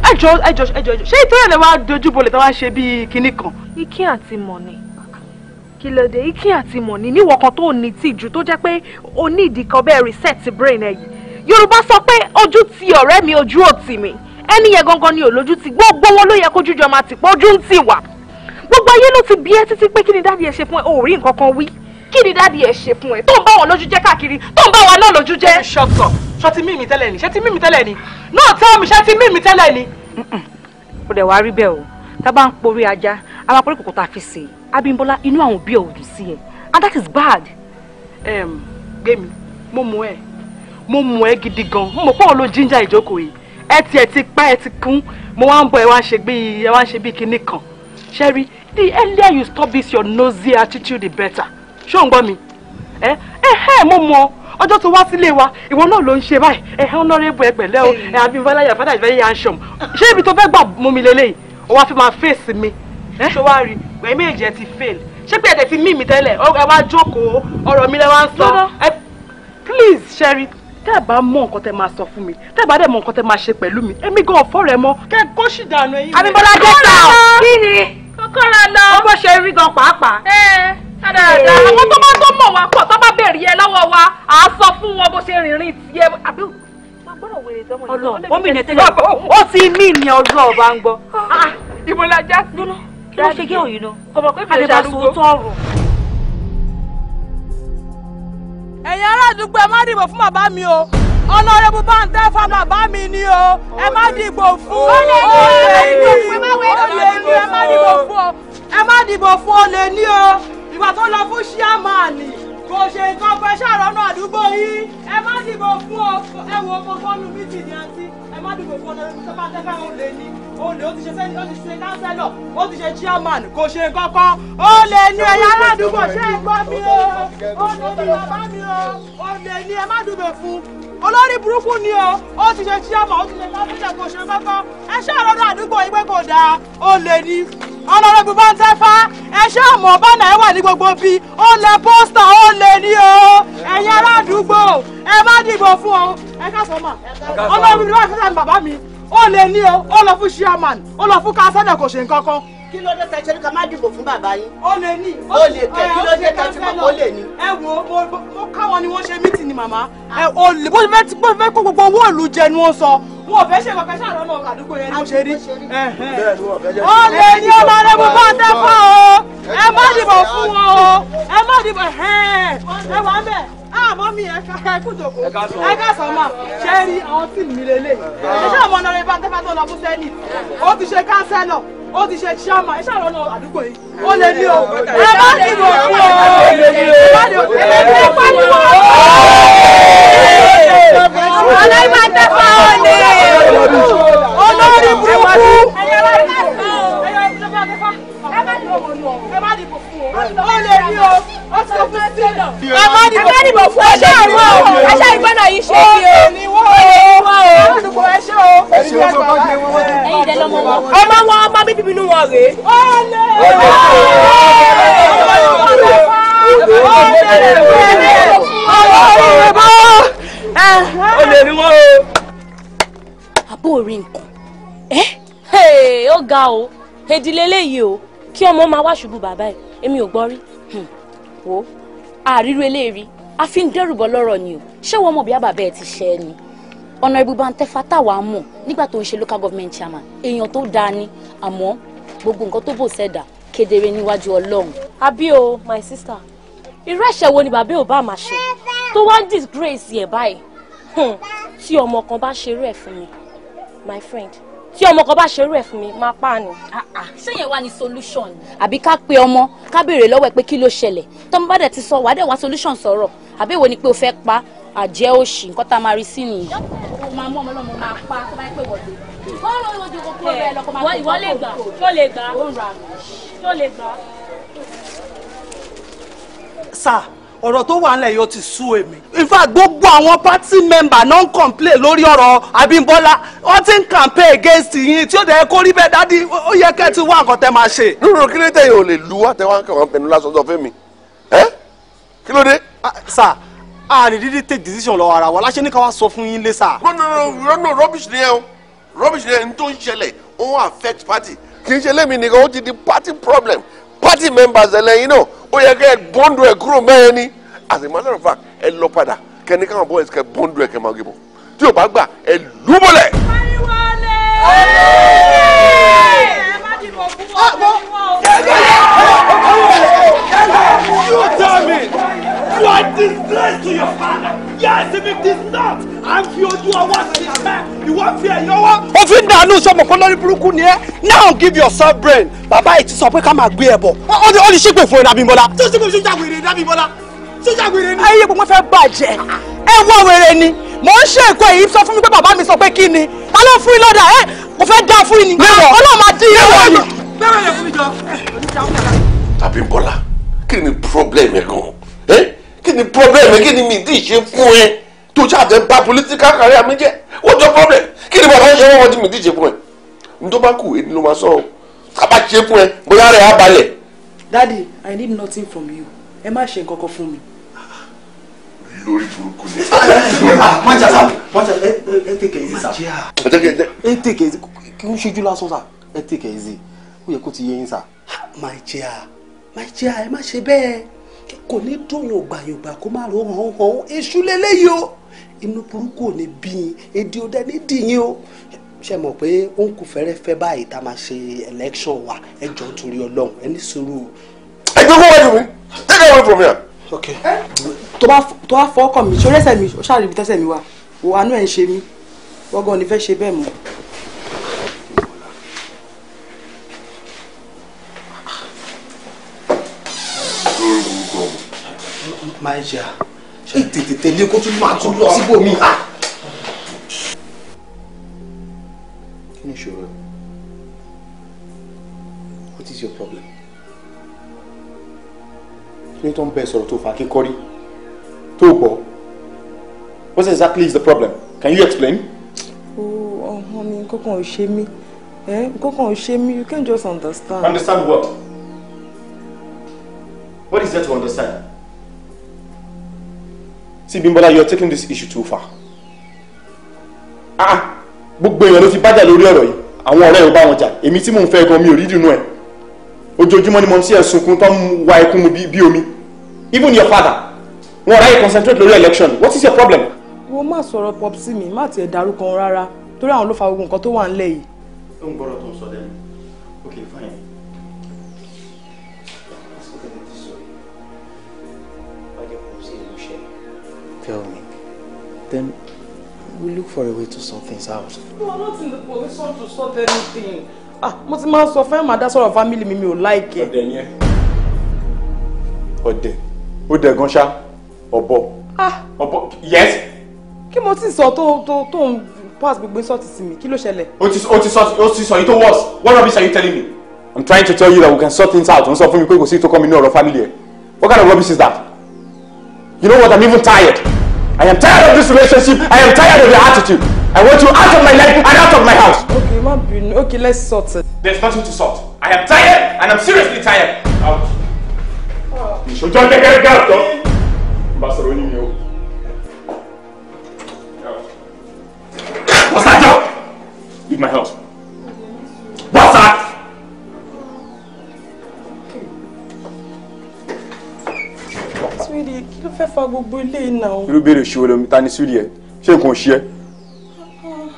ẹ jọ ẹ jọ ẹ jọ ṣé ìtọ́jú ẹ̀ wá dojú bolẹ̀ tó wá ń ṣe bíi kinní kan. ikin àti mọ̀nì kí ló dé ikin àti mọ̀nì níwọ̀ kan tó ní tìjú tó jẹ́ pé o ní ìdí kan bẹ́ẹ̀ reset brain ẹ̀ yìí yorùbá sọ pé ojú ti ọ̀rẹ́ mi ojú ò tì mí ẹni yẹn gangan ni ò ti gbogbo wọn ló yẹ kójú jọ máa tì pé ojú ń tì wá gbogbo ayé ló ti bí ẹ títí pé kí ni dáàdi ẹ ṣe fún ẹ ò rí nǹkan kan wí kí ni dáàdi ẹ ṣe fún ẹ tó ń bá wọn lójú jẹ káàkiri tó ń bá wa náà lójú jẹ. ṣọtọ ṣọtí mímí tẹ́lẹ̀ ni ṣẹtí mímí tẹ́lẹ̀ ni náà tẹ́ mi ṣẹtí mímí tẹ́lẹ̀ ni. kò dẹ̀ wá rí bẹ́ẹ̀ o tá a bá ń porí ajá a máa porí kòkó tá a fi sè é Abímbọ́lá inú àwọn òbí ẹ̀ ò dùn sí ẹ and that is bad. Um, gbẹ̀mí mo mú ẹ mo mú ẹ gidi gan mo mọ̀ pé òun ló jíjà ìjókòó yìí ẹ ti ẹ ti pẹ́ ẹ ti kún mo wá ń bọ̀ ẹ wá ṣe bí ẹ wá ṣe bí kinní kan Sherry, the earlier you stop this your nosy attitude, the better. Show o ń Eh? mi? Ẹ ẹ mo mọ ọjọ́ tó wá sílé wa ìwọ náà ló ń ṣe báyìí ẹ ẹ ọ̀nàrẹ́bù ẹgbẹ̀lẹ́ o ẹ àbí ìfọláyà fada ìfẹ́ yà ń ṣọ̀m ṣé ibi tó fẹ́ gbà mú mi lélẹ́yìí o wá fi máa fèsì mi. Ṣé wàá rí ìgbà méjì ẹ ti fail ṣé pé ẹ̀tẹ̀ ti mí mi tẹ́lẹ̀ ẹ wá jókòó ọ̀rọ̀ mi lẹ́wọ̀n sọ. Please Sherry tẹ́ ẹ̀ bá mọ nǹkan tẹ́ máa sọ fún mi tẹ́ bá dẹ̀ mọ nǹkan tẹ́ máa ṣe pẹ̀lú mi èmi gan ọ̀fọ́ rẹ mọ́. kẹ́ kó sì dànù ẹyin. Abímbọ́lá jẹ́ sá ọ. kí ni kọ́kọ́rọ́ lọ. ó bó ṣe rí gan pàápàá. ẹ àwọn tó bá tó mọ̀ wá pọ̀ tó bá bèrè ẹ lọ́wọ́ wa à á sọ fún wọn bó ṣe rìnrìn tiẹ̀ àbí ọlọ́ọ̀ omi ní tẹ́lẹ̀ ó ti mí ni ọlọ́ọ̀ bá ń gbọ́. Ah, ìmọ̀lá já kí ló ṣe gé òyìn náà. ọmọ pé mi ò ṣàlùkò ẹ̀yin ará àdúgbò ẹ má dìbò fún bàbá mi o ọlọ́rẹ́bù bá ń tẹ́ fa bàbá mi ni o ẹ má dìbò fún ọ lè ní ẹ má dìbò fún ọ ẹ má dìbò fún ọ lè ní o ìgbà tó lọ fún ṣíàmánì kò ṣe nǹkan pẹ́ ṣàrònú àdúgbò yìí ẹ má dìbò fún ọ ẹ wo gbogbo nu mítì ní àti ẹ má dìbò fún ọlọ́rẹ́bù tó bá olè ó ti ṣe sẹ́ni ó ti ṣe kánsẹ́lọ̀ ó ti ṣe chairman kò ṣe kankan olè ní ẹ̀yà aládùúgbò ṣe é gbọ́ mi o olè ní bàbá mi o olè ní ẹ má dùbẹ̀ fún olórí burúkú ni o ó ti ṣe chairman ó ti ṣe kánsẹ́lọ̀ kò ṣe kankan ẹ ṣe àròdà àdúgbò yìí pé kò dáa olè ní ọlọ́rọ̀bù bá ń tẹ́fá ẹ ṣe àmọ́ bánà ẹ wà ní gbogbo bíi ó lẹ pósítà ó lè ní o ẹ̀yin ará àdúgbò ẹ má dìbò fún o ẹ ká sọ mà ọlọ́run ni wọ́n fi sàn bàbá mi ó lè ní o ó lọ fún chairman ó lọ fún kásánà kò ṣe nǹkan kan kí ló dé tẹ ṣe ní ká má dìbò fún bàbá yín. ó lè ní. ó lè kẹ kí ló dé tẹ fi mọ ó lè ní. ẹ wo mo káwọn ni wọn ṣe mítì ni màmá. Ah. ẹ o lè bó fẹ́ bó fẹ́ kó gbogbo owó ìlú jẹ ni wọ́n sọ. wọn ò fẹ́ ṣe kankan ṣàrọ̀ ọmọ àdúgbò yẹn ni mo ṣe rí. ó lè ní ọmọ rẹ mo bá tẹ fọ o ẹ má dìbò fún wọn o ẹ má dìbò ẹ wà ń bẹ̀ àmọ́ ah, mi ẹ ká kú jòkó ẹ ká sọ ma ṣe rí àwọn tíìmù mi lélẹ̀ ṣe ṣe àwọn ọ̀nà rẹ̀ bá tẹ́fà tó lọ fún sẹ́ni ó ti ṣe káńsẹ́lọ̀ ó ti ṣe ṣáàmà ẹ ṣàlọ́ ọ̀nà àdúgbò yìí ó lè ní o ẹ bá ti mọ̀ fún o ẹ lè ní o ẹ lè ní o pẹ̀lú o. ọlọ́mọ tẹ́fọ́ ò ní olórí burúkú. ó lè ní o ó ti sọ fún sílẹ̀ amánibọ̀ fún ẹṣẹ́ ìwọ o ẹṣẹ́ ìgbọ́nà yìí ṣe kí o ó nǹkan ẹ́ ó ga o èdìlélẹ́yìí o kí ọmọ máa wá ṣubú bàbá ẹ̀ èmi ò gbọ́ rí. Hmm wo àríru eléèrí a fi ń dẹ́rùbọ̀ lọ́rọ̀ ni o ṣé wọn mọ̀ bí àbàbẹ́ ẹ ti ṣe é ni Honorable Bantefa táwa mọ̀ nígbà tó ń ṣe local government chairman èèyàn tó dáa ni àmọ́ gbogbo nǹkan tó bò sẹ́dà kedere níwájú Ọlọ́run. àbí o my sister irú ẹ̀ṣẹ̀ wo ni bàbá ò bá máa ṣe tó wá disgrace yẹ̀ báyìí tí ọmọ kan bá ṣerú ẹ̀ fún mi my friend tí ọmọ kan bá ṣerú ẹ̀ fún mi máa pa ni. Ah, ah. ṣé yẹn wá ní solution. àbí ká pe ọmọ ká béèrè lọ́wọ́ ẹ pé kí ló ṣẹlẹ̀ tọ́mọ bá dẹ̀ ti sọ wàá dẹ̀ wá solution sọ̀rọ̀ àbí èwo ni pé o fẹ́ pa àjẹ́ òṣì nǹkan tá a máa rí sí nìyí. o máa mú ọmọ náà mo máa pa tó bá yẹ pé wọ́n wọ́n lọ ojú kókó rẹ̀ lọ́kọ́ máa tó kókó. tó tó lè gbà. sá ọ̀rọ̀ tó wà nílẹ̀ yóò ti sú èmi. in fact gbogbo àwọn party member non ń complain lórí ọ̀rọ̀ Abímbọ́lá wọ́n ti ń campaign against yín tí ó dẹ̀ kó rí bẹ́ẹ̀ dádì ó yẹ kẹ́ ti wá nǹkan tẹ́ máa ṣe. lóru kí ló dé yìí ò lè lu wá tẹ́wọ́n kàn án pẹ̀lú lásán sọ fún mi ẹ́ kí ló dé. Ah, sà a ní dídí take decision lọ ara wa láṣẹ ní ká wá sọ fún yín lé sà. no no no no rubbish ni ẹ o rubbish ni ẹ n tó ń ṣẹlẹ̀ ó affect party kì í ṣe lẹ́mi nìkan ó ti di party problem party members ẹlẹ́yin náà ó yẹ kẹ́ ẹ bọ́ńdù ẹ̀ kúrò mẹ́rin ni as a matter of fact ẹ lọ padà kẹ́ni káwọn boys kẹ́ bọ́ńdù ẹ̀ kẹ́ máa gé bọ̀ tí o bá gbà ẹ lúbọ̀lẹ̀. Ah, you tell me! You are disgrace to your father. Yes, if it is not, I'm Fiodu Awasika. You want fear, you want. O fi ń dànù sọmọ kó lórí burúkú ni ẹ. Now give yourself brain. Bàbá yìí ti sọ pé ká máa gbé ẹ bọ̀. Ó ti ó ti ṣípè fún ẹ Dábímbọ́lá. Tó ṣípè fún ṣíjàgbèrè Dábímbọ́lá. Ṣíjàgbèrè ni. Ayé gbogbo fẹ́ bàjẹ́. Ẹ wọ wèrè ni. Mò ń ṣe èkó èyí sọ fún mi pé bàbá mi sọ pé kí ni. Ta ló fún ilọ́dà ẹ? Kò fẹ́ dá fún ni. Ọlọ́run máa dín ìyẹn wọ̀ ni. Dábímbọ́lá, kí ni problem ẹ gan? kí ni problem kí ni mi ti ṣe fún ẹ tó ṣàdé bá political career mi jẹ́ ó jọ problem kí ni bàbá ṣe wọ́n wọ́n ti mi ti ṣe fún ẹ ní bá kù èdè ló máa sọ ọ́ kábà ṣe fún ẹ bóyá rẹ̀ á balẹ̀. Daddy, I need nothing from you ẹ má ṣe nǹkan kan fún mi lórí burúkú ni. mọ̀jà sá mọ̀jà ẹ ẹ tèkè yìí sá. ẹ tèkè yìí kí n ṣojú lásán sá ẹ tèkè yìí ó yẹ kó ti yé yín sá. máa jẹ́ à máa jẹ́ à ẹ má ṣe bẹ́ẹ̀ kò ní dùn yògbà yògbà kó má ro hàn hàn èṣù lélẹ́yìí o inú burúkú ò ní bí yín èdè ọdẹ ní dìyín o ṣe mọ̀ pé ó ń kú fẹ́rẹ́fẹ́ báyìí tá a máa ṣe election wa ẹ jọ torí ọlọ́run ẹ ní sùúrù. ẹ gbé fún wájú mi take away from here. ok tó bá fọ́ ọkọ mi ṣé ó rẹ́sẹ̀ mi ó ṣàrìbí tẹ́sẹ̀ mi wá wo àánú ẹ̀ ń ṣe mí wọ́gàn ò fẹ́ ṣe bẹ́ẹ̀ mọ́. máa ń ṣe à ṣe tètè tẹ̀lé kó tún máa tún lọ síbòmí à. kí ni ìṣòro ẹ what is your problem kí ni tó ń bẹ sọ̀rọ̀ tó fa kíkọ́rí tó gbọ́ what exactly is the problem can you explain. ọmọ mi nǹkan kan ò ṣe mí nǹkan kan ò ṣe mí you can just understand. understand what? What is there to understand? See, Bimbola, are taking this issue too far. Ah, ah, gbogbo èèyàn ló fi bájà lórí ọ̀rọ̀ yìí àwọn ọ̀rẹ́ ò bá wọn jà èmi tí mò ń fẹ́ gan mi ò rí dùnú ẹ̀ ojoojúmọ́ ni mo ń sí ẹ̀sùn tó ń wa ikú mu bí omi even your father wọn ọ̀rẹ́ yìí concentrate lórí election what is your problem. wo má sọ̀rọ̀ pop sí mi má tiẹ̀ dárúkọ rárá torí àwọn ló fa gbogbo nǹkan tó wà ńlẹ̀ yìí. ó ń gbọ́dọ̀ tó ń sọ lẹ́nu okay fine tell me, then we look for a way to sort things out. You are not in the position to sort anything. Ah, mo ti máa ń sọ fẹ́ màdá family mi mi like. láìkẹ́. Ode, ni ẹ́. Ọ̀dẹ̀. Ó Ah. Ọ̀bọ. Yes. Kí mo ti sọ to, to, pass gbogbo insult sí mi? Kí ló ṣẹlẹ̀? O ti o ti sọ was. What rubbish are you telling me? I'm trying to tell you that we can sort things out. N sọ fún mi pé go see to come in ní family What kind of rubbish is that? You know what? I'm even tired. I am tired of this relationship. I am tired of your attitude. I want you out of my life and out of my house. Okay, ma binu. Okay, let's sort it. There's nothing to sort. I am tired and I'm seriously tired. Out. You should not take care of girl, though. Ambassador, you know. What's that, Joe? Leave my house. What's that? Súwìdì kí ló fẹ́ fa gbogbo ilé iná o. irú béèrè ṣòro mi ta ni Súwìdì ẹ ṣé nǹkan ṣe ẹ.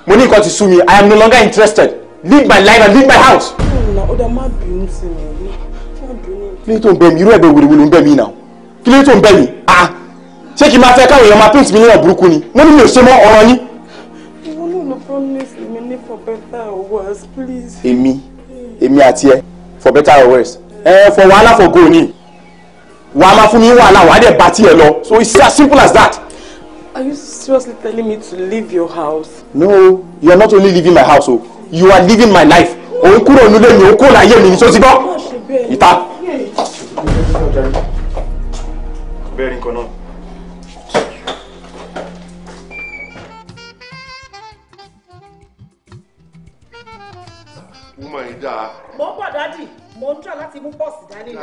mo ní nǹkan ti sú mi I am no longer interested leave my life and leave my house. ọ̀nà ọ̀dà má bínú sí mi kí ló tó ń bẹ mi irú ẹ̀bẹ̀ wèrèwèrè ló ń bẹ mi náà kí tó ń bẹ mi ah ṣé kí n máa fẹ́ káwọn èèyàn máa píǹtì mi níwọ̀n burúkú ni mo ní mi ò ṣe mọ́ ọ̀rọ̀ yín. ìwọ náà ló promise mi ní for better or worse please. èmi èmi àti ẹ for better or worse ẹ for wàhálà for goal ni wà á máa fún mi wàhálà wà á dẹ̀ bá tiẹ̀ so it's as simple as that. Are you seriously telling me to leave your house? No, you are not only leaving my house o oh. you are leaving my life òun kúrò nílé mi òun kúrò láyé mi ní tó ti gbọ́ ìta. bẹ́ẹ̀ ni nǹkan náà. woman yìí dáa. mo ń bọ̀ dádì mo ń jà láti mú pọ́ọ̀sì dání ni.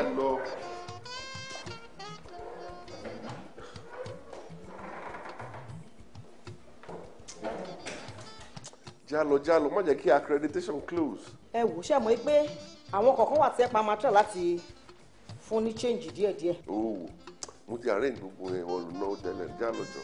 Jalo, jalo. má jẹ́ kí accreditation close. ẹ wò ṣe mọ̀ pé àwọn kọ̀ọ̀kan wà tí ẹ pa máa tẹ̀ láti fún ní change díẹ̀díẹ̀. o oh, mo ti arrange gbogbo ẹ̀ ọ̀lùná tẹ́lẹ̀ Jalo, jọ.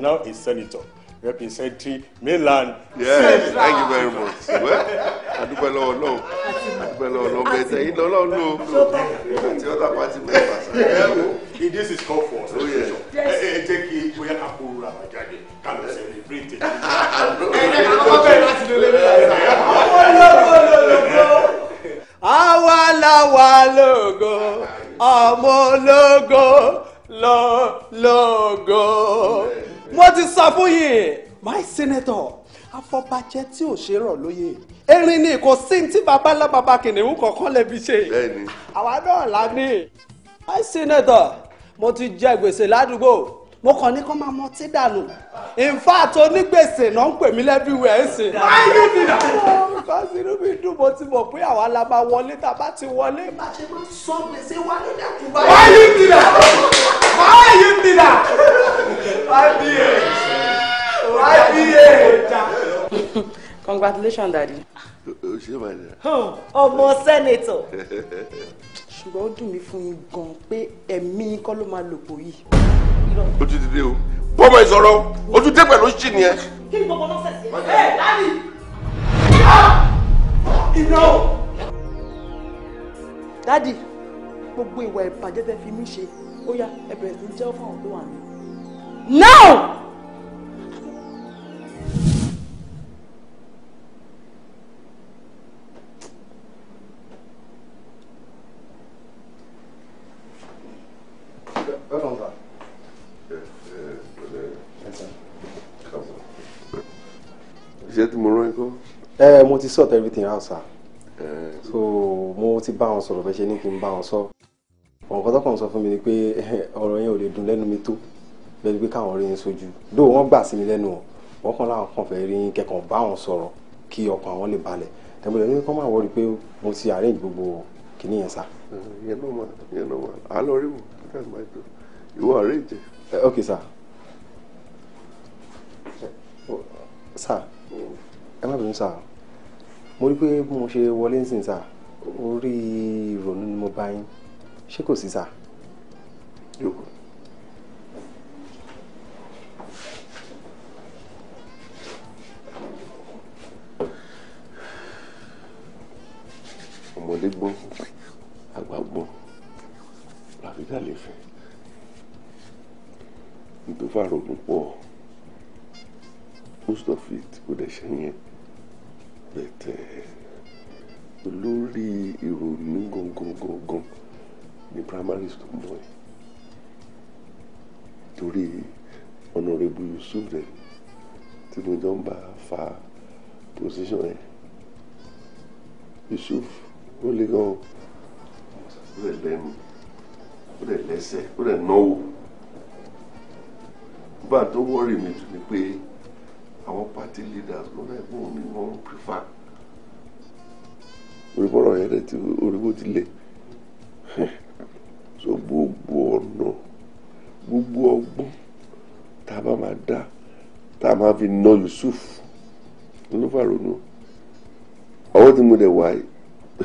now a senator representing mainland. yes thank you very much well adúpẹ́ lọ́wọ́ náà adúpẹ́ lọ́wọ́ náà bẹ́ẹ̀ tẹ̀yìn lọ́wọ́ náà ló àti other party members. this is called for celebration oh, ẹ jẹ́ kí bóyá ká kó ra àjáde ká lọ celebrate. ẹ̀jẹ̀ kan kọ́ bẹ́ẹ̀ láti lè lè lè. àwa làwa lógo ọmọ lógo lọ mo ti sọ fún yìí my senator afọbajẹ tí ò ṣe rọ̀ lóye erin ni kò sí ní tí babalábàbà kìnìún kọ̀ọ̀kan lè fi ṣe bẹ́ẹ̀ni àwa náà la ní my senator mo ti jẹ gbèsè ládùúgbò mo kàn ní kó máa mọ tí dànù in fact onígbèsè náà ń pè mí everywhere ẹ̀sìn. báyìí ni nà. because inú mi dùn mo ti mọ̀ pé àwa la máa wọlé tá a bá ti wọlé. bá a ṣe máa sọ gbèsè wa ló dàkú báyìí. báyìí ni nà. Why you did that? IBA. IBA. Congratulations, Daddy. Ṣé máa ní. Ọmọ sẹ́nẹ̀tọ̀. Ṣùgbọ́n ó dùn mí fún yín gan-an pé ẹ̀mí kọ́ ló máa lòpọ̀ yìí. O ti dìde o. Bọ́mọ ìsọ̀rọ̀ o tún dé pẹ̀lú ṣì ni ẹ. Kí ni gbogbo náà sẹ̀sì? Ẹ Dádì! Iná o! Dádì, gbogbo ìwà ìbàjẹ́ tẹ fi mí ṣe ó yá ẹ bẹ̀rẹ̀ sí jẹ́ fún àwọn tó wà ní. now. mo ti sort everything out sir. so mo ti bá wọn sọ̀rọ̀ bẹ́ẹ̀ ṣe ní kí n bá wọn sọ nǹkan tó kàn sọ fún mi ni pé ọ̀rọ̀ yẹn ò lè dùn lẹ́nu mi tó lẹ́nu pé káwọn rí yín sójú dó wọ́n gbà sí mi lẹ́nu ọ̀ wọ́n kàn láwọn kàn fẹ́ rí yín kẹ́kàn bá wọn sọ̀rọ̀ kí ọkàn àwọn lè balẹ̀ tẹ̀mọ̀lẹ́ ní kọ́ máa wọ́n rí pé mo ti arrange gbogbo kìíní yẹn sá. yẹn ló wà yẹn ló wà á rí wò ìwọ arrange. ok sir. sir ẹ má bínú sir mo rí pé mo ṣe wọlé ń sìn sir orí ìrònú ni mo bá yín ṣé kò sí sá. yòókù. ọmọdé gbọ́n àgbà gbọ́n láfi dá lè fẹ́ nítorí fàrògùn pọ̀ most of it kò dẹ̀ ṣe yẹn bẹ̀tẹ̀ olórí ìrònú gangan gangan ní primaries tó ń bọ̀ yìí torí honorable Yusuf rẹ̀ tí mo jọ ń bá fa position rẹ̀ Yusuf ó lè gan ó rẹ̀ lẹ́nu ó rẹ̀ lẹ́sẹ̀ ó rẹ̀ náwó bá tó wọ́rì mi tún ni pé àwọn party leaders ló rẹ̀ mú ni, wọ́n prefer orí bọ́rọ̀ yẹn rẹ̀ tí orí bó ti lè so gbogbo ọ̀nà gbogbo ọgbọ́n tá a bá máa dá tá a máa fi ná Yusuf ló fà ronú ọwọ́ tí mo dẹ̀ wá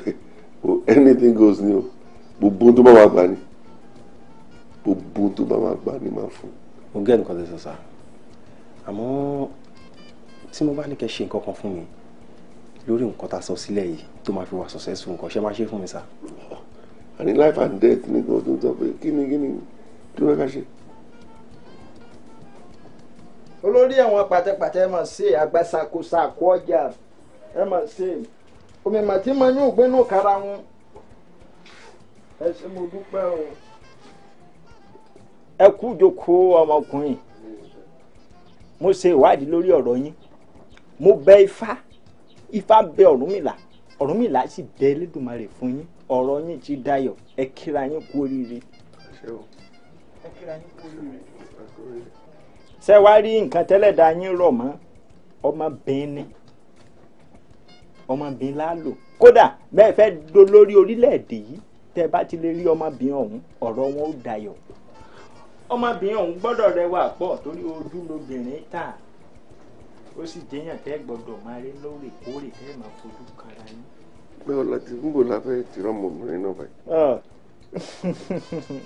anything goes ni o gbogbo tó bá wà gbà ni gbogbo tó bá wà gbà ni máa fún. mo gẹ́ nǹkan tẹ̀sán sá àmọ́ tí mo bá ní kẹ́ ṣe nǹkan kan fún mi lórí nǹkan tá a sọ sílẹ̀ yìí tó máa fi wà successful nǹkan ṣe máa ṣe fún mi sá a ní life and death ní kan tó ń sọ pé kí ni kí ni kí ló ká ṣe. olórí àwọn pàtẹ́pàtẹ́ ẹ máa ṣe àgbàsàkóṣàkó ọjà ẹ máa ṣe omi màtí máa ń yún ìgbénú kára wọn ẹ ṣe mo dúpẹ́ o. ẹ kú jókòó ọmọkùnrin mo ṣe ìwádìí lórí ọ̀rọ̀ yín mo bẹ ifá ifá bẹ ọ̀rúnmìlà ọ̀rúnmìlà sì bẹ elédùnmarè fún yín ọ̀rọ̀ yín ji dayọ̀ ẹ anyị kworiri. kú rí nǹkan tẹ́lẹ̀ dá yín rọ̀ mọ́ ọmọbìnrin ọmọbìnrin la lò kódà bẹ́ẹ̀ fẹ́ dolórí orílẹ̀-èdè yìí tẹ́ bá ti lè rí ọmọbìnrin ọ̀hún ọ̀rọ̀ wọn ó dayọ̀ ọ̀hún gbọ́dọ̀ pọ̀ torí ojú lobìnrin tà ó bẹ́ẹ̀ ọ̀la ti ń bò la fẹ́ ti rọmọ obìnrin náà báyìí. Ah.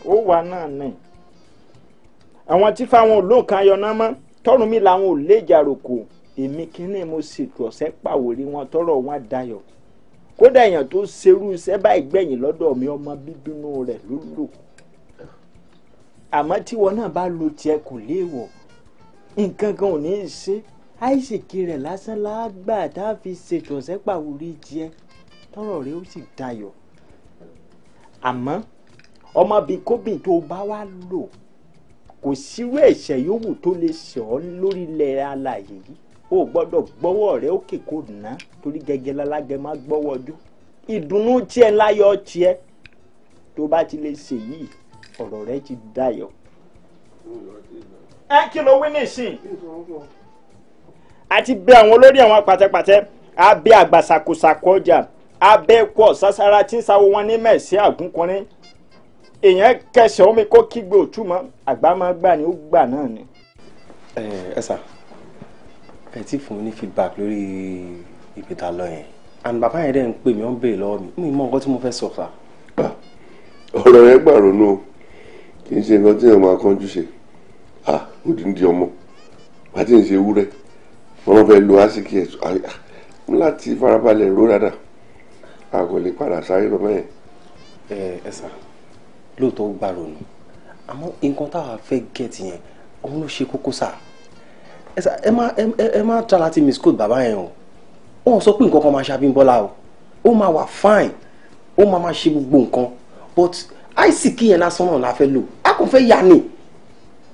ó wà náà nì àwọn tí fáwọn olóǹkà yọná mọ́ tọrùn mi làwọn ò lè jàròkò èmi kínní mo ṣètò ọ̀sẹ̀ pàwórí wọn tọrọ wọn dayọ̀ kódà èèyàn tó ṣerú iṣẹ́ báyìí gbẹ̀yìn lọ́dọ̀ mi ọmọ bíbínú rẹ̀ ló lò àmọ́ tí wọn náà bá lo tiẹ̀ kò léèwọ̀ nǹkan kan ò ní í ṣe àìsèké rẹ̀ lásán lágbà tá a fi ṣètò pàwórí tiẹ̀ tọ́rọ̀ rẹ ó sì dayọ̀ àmọ́ ọmọbìnrin kóbìn tó bá wá lò kò sírú ẹ̀ṣẹ̀ yòówù tó lè ṣẹ̀ ọ́ lórí ilẹ̀ alàyè yìí o gbọ́dọ̀ gbọ́wọ́ rẹ òkè kò ná torí gẹ́gẹ́ lálágẹ má gbọ́wọ́ ọjọ́ ìdùnnú tiẹ̀ láyọ̀ tiẹ̀ tó bá ti lè ṣe yìí ọ̀rọ̀ rẹ ti dayọ̀. ẹ kí ló wí a àti bẹ àwọn olórí àwọn pàtẹpàtẹ àbí àgbàsàkòsàkò ọjà abẹ́kọ̀ sásárá tí ń sáwó wọn ní mẹ̀sí àgúnkùnrin èèyàn kẹsẹ̀ omi kó kígbe òtúmọ̀ àgbà máa gbà ní ó gbà náà ni. ẹ ẹ sà ẹ ti fún mi ní feedback lórí ibi tá a lọ yẹn and bàbá yẹn dẹ̀ ń pè mí ó ń béèrè lọ́wọ́ mi mi mọ nǹkan tí mo fẹ́ sọ fà. ọ̀rọ̀ yẹn gbà ronú o kì í ṣe nǹkan tí èèyàn máa kánjú ṣe ah òdìndín ọmọ bàtí ń ṣe ewúrẹ́ wọn fẹ́ lo àsìkí ẹ̀ láti farabalẹ̀ ró dáadáa àgọ́ lè padà sáré lọ bẹ́ẹ̀. ẹ ẹ sà lóòótọ́ ó gbà ronú àmọ́ nǹkan táwa fẹ́ gẹ̀ẹ́tì yẹn òun ló ṣe kókó sà ẹ sà ẹ má ẹ má try láti misquote bàbá yẹn o wọn sọ pé nǹkan kan máa ṣe Abímbọ́lá o ó máa wà fine ó máa máa ṣe gbogbo nǹkan but àìsíkì yẹn lásán náà la fẹ́ lò a kò fẹ́ yà ni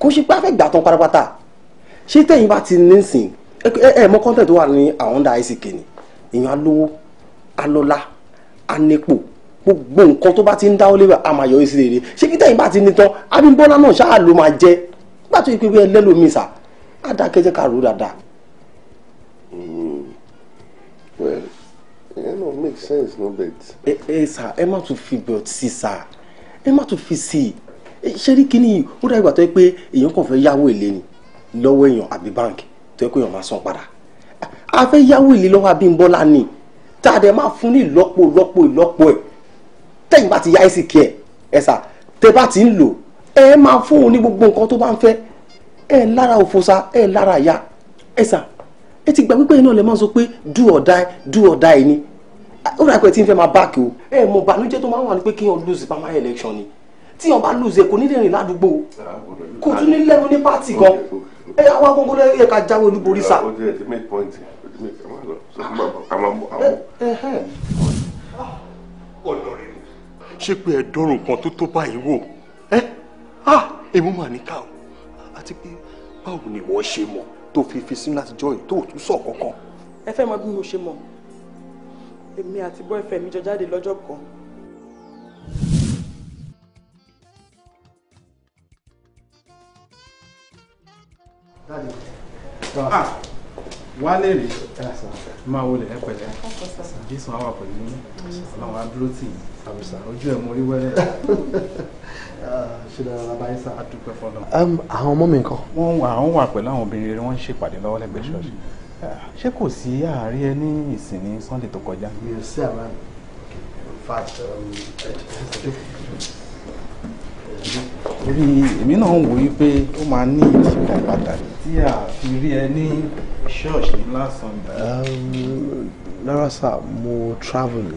kò ṣe pé a fẹ́ gbà tán pátápátá ṣé tẹ̀yìn bá ti ní sìn ẹ ẹ mọ kọ́ńtẹ̀ tó wà ní àwọn ọ̀dà àìsíkì ni èèyàn á lówó anepo gbogbo nǹkan tó bá ti ń dáwọ́ lé wa a máa yọ èsì rere ṣé kí tẹ̀yìn bá ti ní tán Abímbọ́lá náà ṣáà ló máa jẹ nígbà tó yẹ pé ẹ lẹ́lòmíì sà á dá kẹ́jẹ́ ká rò dáadáa. Hmm. well ìyẹn náà make sense no bet. ẹ ẹ sà ẹ má tún fi bọ̀ sí sà ẹ má tún fi sí i ṣé rí kíní ó dàgbà tó yẹ pé èèyàn kàn fẹ́ yáwó èlé ni lọ́wọ́ èèyàn àbí báńkì tó yẹ pé èèyàn máa san padà tá a dẹ̀ máa fún ní ìlọ́po ìlọ́po ìlọ́po ẹ̀ tẹ́yìn bá ti yá ẹ̀sì kí ẹ̀ ẹ̀ sà tẹ́ bá ti ń lò ẹ máa fún òun ní gbogbo nǹkan tó bá ń fẹ́ ẹ lára òfòsà ẹ lára ìyá ẹ sà ẹ ti gbà pípẹ́ iná lè máa sọ pé do or die do or die ni ó rà pé tí n fẹ́ máa báàkì o ẹ mọ̀ bànújẹ́ tó máa wà ní pé kí wọ́n lose primary election ni tí wọ́n bá lose kò ní lè rìn ládùúgbò kò tún ní lẹ́nu ní pátì gan ẹ wá gbogbo ẹ ká jáwé olúborí sà ṣé pé ẹ dọ́rùn kan tó tó báyìí wò ẹ́ ah! èmi mà ní ká o àti pé báwo ni ìwọ ṣe mọ̀ tó fi fi sí láti jọ ètò òtún sọ kankan. ẹ fẹ́ mọ bí mo ṣe mọ̀ èmi àti boyfriend mi jọ jáde lọ́jọ́ kan Daddy. Ah wálé rí máa wọlé ẹ pẹ̀lẹ́ jésù àwà pẹ̀lú Ọlọ́run adúró tì í ojú ẹ mo rí wẹrẹ ṣe dára bàbá yín sá àdúpẹ́ fọlọ. Um, àwọn ọmọ mi ńkọ́. wọn àwọn wà pẹ̀lú àwọn obìnrin rere wọn ń ṣèpàdé lọ́wọ́ lẹ́gbẹ̀ẹ́ mm. ṣọ́ọ̀ṣì ṣé kò sí àárín ẹ ní ìsìn ní sunday tó kọjá. mi ò sí àwọn in fact um, torí èmi náà ń wò yí pé ó máa ní ìdí kan pàtàkì tí a fi rí ẹ ní church lásán yìí. Um, rárá sá mo travel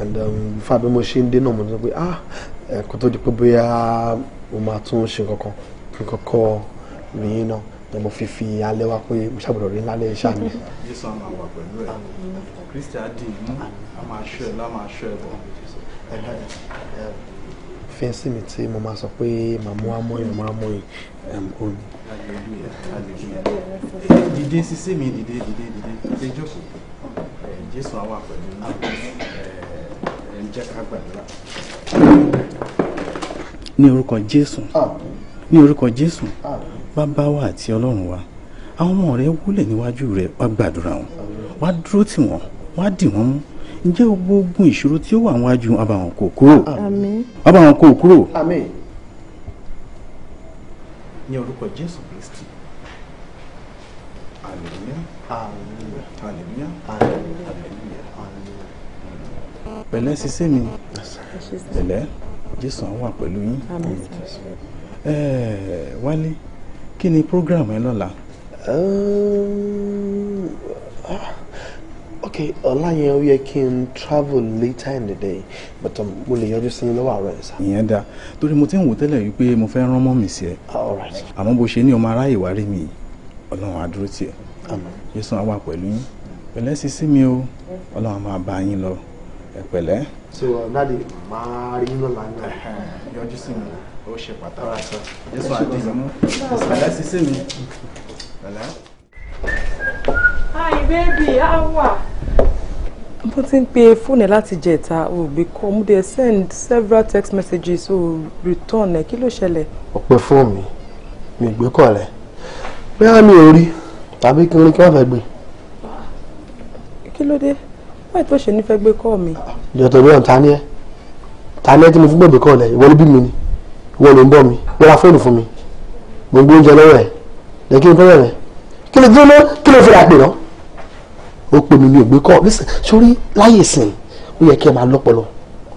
and fún um, abẹ́ mo ṣe ń dé náà mo sọ pé ah ẹ̀kọ́ tó di pé bóyá mo máa tún ṣe kankan kí n rí i náà ni mo fi fi alẹ́ wá pé mo ṣàbùrọ̀ rí ńlá lẹ́yìn sáà mi. jésù àmà wà pẹ̀lú ẹ̀ kristi adi mú a máa ṣọ́ ẹ lá máa ṣọ́ ẹ bọ̀ fẹ́ sí mi tí mo máa sọ pé màmú amóyàn máa mọyàn ó ní. dìde sísé mi dìde dìde dìde dìde jókòó eh, jésù àwa pẹ̀lú eh, ẹ jẹ́ ká gbàdúrà. ní orúkọ jésù ah. ní orúkọ jésù ah. bàbá wa àti ọlọ́run wa àwọn ọmọ rẹ wúlẹ̀ níwájú rẹ wá gbàdúrà wọn wá dúró tì wọ́n wá dì wọ́n mú ǹjẹ́ gbogbo ogun ìṣòro tí ó wà àwọn ajú abàwọn kò kúrò abàwọn kò kúrò. àmín. ní orúkọ jésù kristi aleluya aleluya aleluya pẹ̀lẹ́ ṣiṣẹ́ mi pẹ̀lẹ́ jésù á wà pẹ̀lú yín wálé kí ni program ẹ lọ́la. Um, ah okay ọ̀la yẹn ó yẹ kí n travel later in the day but um, mo lè yọjú sí lọ́wọ́ àárọ̀ ẹ̀ sá. ìyẹn dáa torí mo ti ń wò tẹ́lẹ̀ wípé mo fẹ́ rán mọ́ mi sí ẹ ah, àmọ́ bó ṣe ní ọmọ aráyè wá rí mi ọlọ́run á dúró tiẹ̀ yéṣu á wà pẹ̀lú yín pẹ̀lẹ́ sí sí mi o ọlọ́run á máa bá yín lọ pẹ̀lẹ́. so nadi uh, máa rí yín lọ́la náà. yọjú sí mi ó ṣe pàtàkì yéṣu á dì pẹ̀lẹ́ sí sí mi Hi, baby. How are mo ti ń pe fóònù ẹ láti jẹ ìta ò gbé kọ mo dé send several text messages ò return ẹ kí ló ṣẹlẹ̀. ọ̀pẹ fóònù mi mi gbé kọ̀ rẹ̀ bóyá mi ò rí tàbí kí n rí kí wọ́n fẹ́ gbé. kí ló dé báyìí tó ṣe ní fẹ́ gbé kọ́ mi. ìjọ̀tọ̀ mi ọ̀n ta ni ẹ́ ta ni ẹ́ tí mo fi gbẹ̀gbẹ̀ kọ́ rẹ̀ ìwọ ló bí mi ni ìwọ ló ń bọ̀ mi wọ́n fóònù fún mi mo ń gbé oúnjẹ lọ́wọ́ ẹ̀ lẹ́kí n fẹ́rẹ̀ rẹ̀ kí ló dúró náà kí ló fi rà pè náà ó pè mí mi ò kọ́ listen sórí láyè sìn ó yẹ kí ẹ máa lọ́pọlọ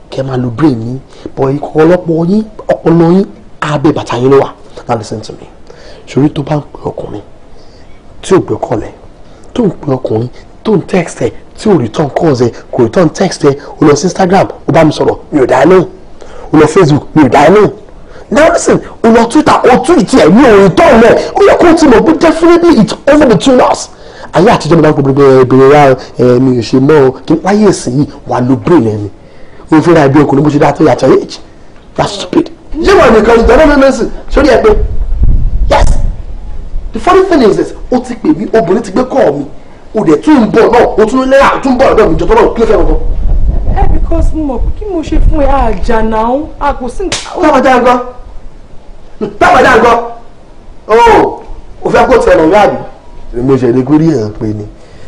kí ẹ máa lo brain yín bọ̀ ikọ̀ ọlọ́pọ̀ yín ọpọlọ yín abẹ́ bàtà yín ló wà now listen to me sórí tó bá ń pè ọkùnrin tí ò gbé kọ́lẹ̀ tó ń pè ọkùnrin tó ń text ẹ tí ò return calls ẹ kò return text ẹ ó lọ sí Instagram ó bá mi sọ̀rọ̀ mi ò dáná ó lọ Facebook mi ò dáná now listen ó lọ Twitter ó tweet ẹ mi ò return ẹ ó yẹ kó o ti mọ̀ pé definitely it's over between us ayé àtijọ́ mi máa ń pọ̀ ra ẹ̀mí òṣè mọ́ ọ kí láyé èsì yìí wà ló bèrè lẹ́nu òun fúnra ẹbí ọkùnrin bó ṣe dá tó yàtọ̀ age that's stupid. yé wà nìkan ìjọba mímí sí sórí ẹgbẹ́ yes the funny thing is this ó ti pè mí obìnrin ti gbé kọ́ mi ó dẹ̀ tún ń bọ̀ náà ó tún lẹ́yà ó tún ń bọ̀ lọ́dọ̀ mi náà kí ló fẹ́ kankan. ẹ because mo mọ̀ pé kí mo ṣe fún ẹ àjà náà a kò sí. tábàdá ń gbọ́ tábàdá ń mo ṣe lè kórìí ẹ̀ ń pè ní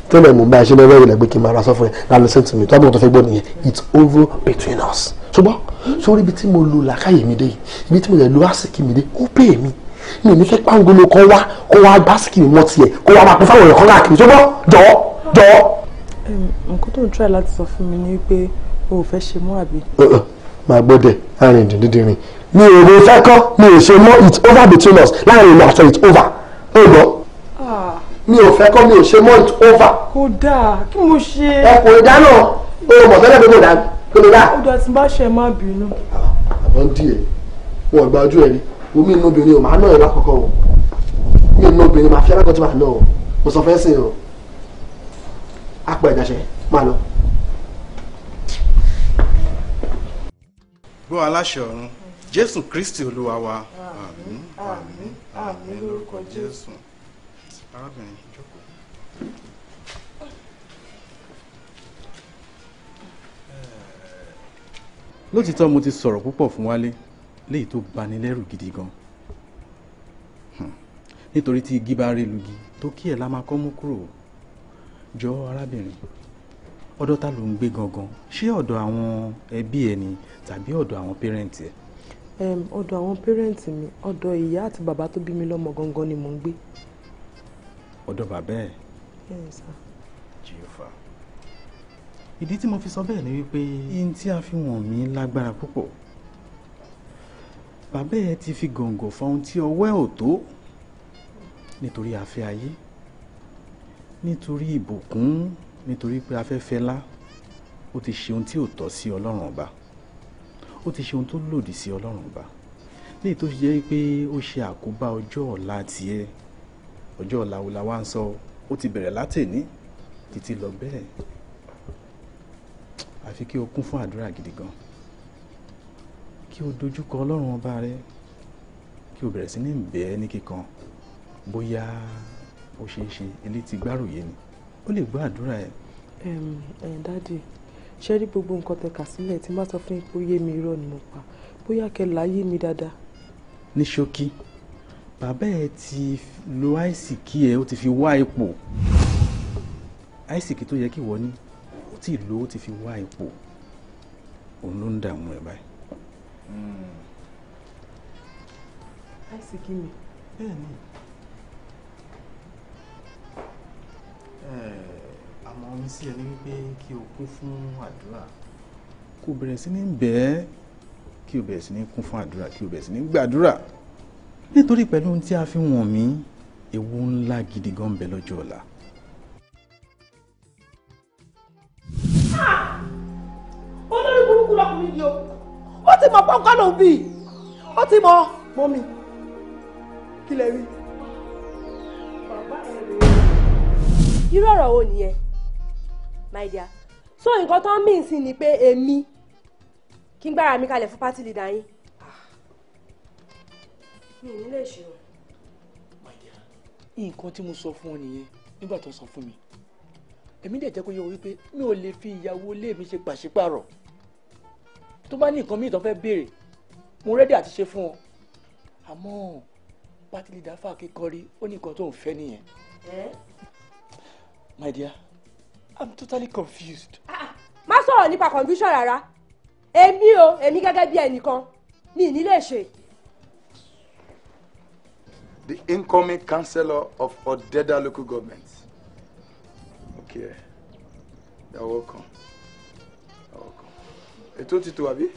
tí wọn mú bá ṣe lọ́wọ́ ìlẹ̀ pé kí n máa ra sọ fún ẹ na listen to me tó àbúrò tó fẹ́ gbọ́ nìyẹn it's over between us ṣùgbọ́n sórí ibi tí mo lu làkàyè mi dé ibi tí mo lè lu àsìkí mi dé ó pè mí mi ní fẹ́ pàǹgolo kan wá kó wá básìkì mi mọ́ tiẹ̀ kó wá máa pín fáwọn èèyàn kan láàkiri ṣùgbọ́n jọ̀ọ́ jọ̀ọ́. nǹkan tó ń try láti sọ fún mi ni pé o ò fẹ́ ṣe mọ́ àbí. Uh-uh. máa gbọ́dẹ̀ láàrin dìndíndínrín mi ò fẹ́ kọ́ mi ò ṣe mọ́ it's over between us láàrin ìlú àṣẹ it's over. ó gbọ́ mi ò fẹ́ kọ́ mi ò ṣe month over. kò dáa kí mo ṣe. ẹ kò dáná o mọ̀ tẹ́lẹ̀ pé kò dáa kò lè dáa. ó dọ̀ tí bá ṣe má bínú. àbọ̀ ń díẹ̀ wọn gba ojú ẹ̀ omi inú obìnrin ò máa ná ẹ̀ lákọ̀ọ́kọ́ o mi inú obìnrin máa fi alákọ̀ọ́ tí máa ná o mo sọ fẹ́ sìn o apá ìjàṣẹ máa lọ. gbọ́ aláṣẹ ọ̀run jésù kristi olúwa wa àmín àmín àmín lórúkọ jésù arábìnrin. lótìtọ́ mo ti sọ̀rọ̀ púpọ̀ fún wálé léyìí tó bani gidi gan hmm. nítorí tí igi bá rí lugi tó kí ẹ̀ la máa kọ́ mú kúrò jọ arábìnrin ọ̀dọ̀ ta ló ń gbé gangan ṣé ọ̀dọ̀ àwọn ẹbí ẹ ni tàbí ọ̀dọ̀ àwọn pẹ́rẹ́ǹtì ẹ. ọ̀dọ̀ àwọn pẹ́rẹ́ǹtì mi ọ̀dọ̀ ìyá àti bàbá tó bí mi lọ́mọ gangan ni mò ń gbé. ọ̀dọ̀ bàbá ẹ̀. yes sir ìdí tí mo fi sọ bẹ́ẹ̀ ni wípé ihun tí a fi wọ̀n mí lágbára púpọ̀ bàbá ẹ ti fi gòǹgò fa ohun tí ọwọ́ ẹ ò tó nítorí afẹ́ ayé nítorí ìbùkún nítorí pé afẹ́fẹ́ lá ó ti ṣe ohun tí ò tọ́ sí ọlọ́run ọba ó ti ṣe ohun tó lòdì sí ọlọ́run ọba ní èyí tó ṣe jẹ́ pé ó ṣe àkóbá ọjọ́ ọ̀la tiẹ̀ ọjọ́ ọ̀la wo la wá ń sọ ó ti bẹ̀rẹ̀ látẹ̀ní títí lọ bẹ́ẹ̀ àfi kí o kún fún àdúrà gidi gan kí o dojúkọ ọlọ́run ọba rẹ kí o bẹ̀rẹ̀ sí ní bẹ́ẹ̀ ní kíkan bóyá ó ṣeé ṣe ilé ti gbárùyé ni ó lè gbọ́ àdúrà ẹ. ẹ dáàdì ṣe rí gbogbo nǹkan tẹ́ kà sílẹ̀ tí má sọ fún ipò yé mi irọ́ ni mo pa bóyá kẹ́ láyé mi dáadáa. ní ṣókí bàbá ẹ ti lo àìsíkí ẹ ó ti fi wá ipò àìsíkí tó yẹ kí wọ́n ní tí ì lówó ti fi wá ipò òun ló ń dààmú hmm. ẹ báyìí. láìsí kí ni bẹ́ẹ̀ ni àmọ́ mi sí ẹni wípé kí o kún fún àdúrà. kò bẹ̀rẹ̀ sí ní bẹ́ẹ̀ kí o bẹ̀rẹ̀ sí ní kún fún àdúrà kí o bẹ̀rẹ̀ sí ní gbàdúrà nítorí pẹ̀lú ohun tí a fi wọ̀n mí ewu ńlá gidi gan bẹ lọ́jọ́ ọ̀la. olórí burúkú lọkùnrin yìí o ó ti mọ pọ́ńkọ́ lòún bì í ó ti mọ mọ́mì kí lẹ rí. irú ọ̀rọ̀ wo nìyẹn my dear so nǹkan tó ń mí sí ni pé èmi kí n gbára mi kalẹ̀ fún pátì leader yín ah, mi ò ní lè ṣe o. nǹkan tí mo sọ fún ọ nìyẹn nígbà tó sọ fún mi èmi dẹ̀ jẹ́ kó yẹ wọ́n wípé mi ò lè fi ìyàwó ilé mi ṣe pàṣípàrọ̀ tó bá ní nǹkan míì tó fẹ́ béèrè mo rẹ́dí àti ṣe fún ọ àmọ́ pátílídà fàáké kọrí ó ní nǹkan tó ń fẹ́ nìyẹn. my dear i'm totally confused. Ah, ah, má sọ̀rọ̀ nípa confusion rárá èmi o èmi gẹ́gẹ́ bí ẹnìkan ní lè the incoming councillor of Odeda local government care. You're welcome. You're welcome. Ètò ti tó àbí?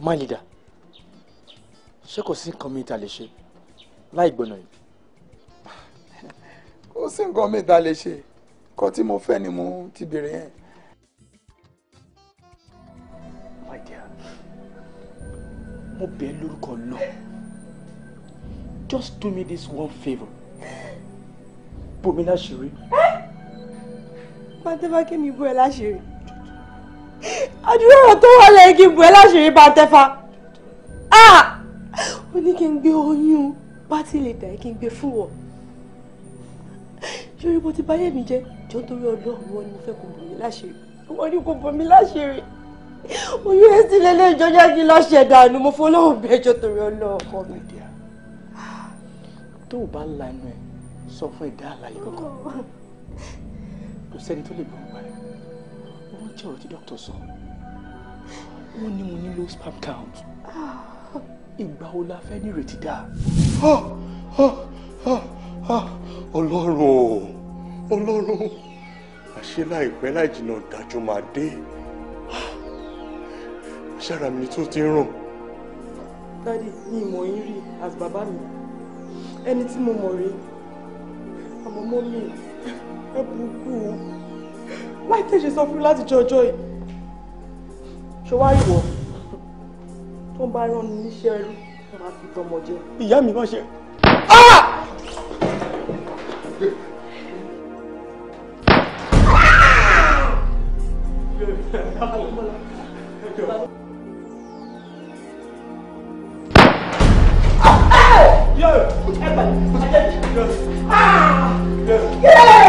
My leader, ṣé kò sí nǹkan mi ta lè ṣe láì gbọ́nà yìí? Kò sí nǹkan ta lè ṣe. Kọ́ tí mo fe ni mo ti bere. yẹn. My dear, mo bẹ̀ lórúkọ lo. Just do me this one favor bò mí láṣìírí. pàtẹ́fà kí mi bò ẹ́ láṣìírí àdúrà ọ̀rọ̀ tó wà lẹ́yìn kí n bò ẹ́ láṣìírí pàtẹ́fà ó ní kí n gbé oyún pátì lè dà kí n gbé fún wọ ṣorí mo ti báyé mi jẹ jọ torí Ọlọ́run wọn ni mo fẹ́ kó bò mí láṣìírí wọn ni kò bò mí láṣìírí oyún ẹsìn lélẹ ìjọjá kí n lọ ṣẹdànù mo fọlọ́wọ́ bẹ́ẹ̀ jọ torí Ọlọ́run ọkọ mi. tó o bá lanu ẹ sọ fún ẹ̀dá àlàyé kankan kò sẹ́ni tó lè gbọ́n pa ẹ̀ wọ́n jẹ́ ọ̀rọ̀ tí dókítà sọ wọ́n ní mo ní low count ìgbà wo la fẹ́ nírètí dáa. ọlọ́run o ọlọ́run àṣé láìpẹ́ láì jìnnà dájú máa dé ṣára mi tó ti ń rùn. dádì mi ìmọ̀ yín rí àti bàbá mi ẹni tí mo mọ̀ rèé àmọ́ mọ́mí ẹ burúkú o láì tẹ̀sẹ̀ sọ fún mi láti jọ ọjọ́ yìí ṣé wàá ìwọ tó ń bá rán ni níṣẹ́ rí máa fi tọmọ jẹ. ìyá mi máa ṣe. Yeah. Yeah!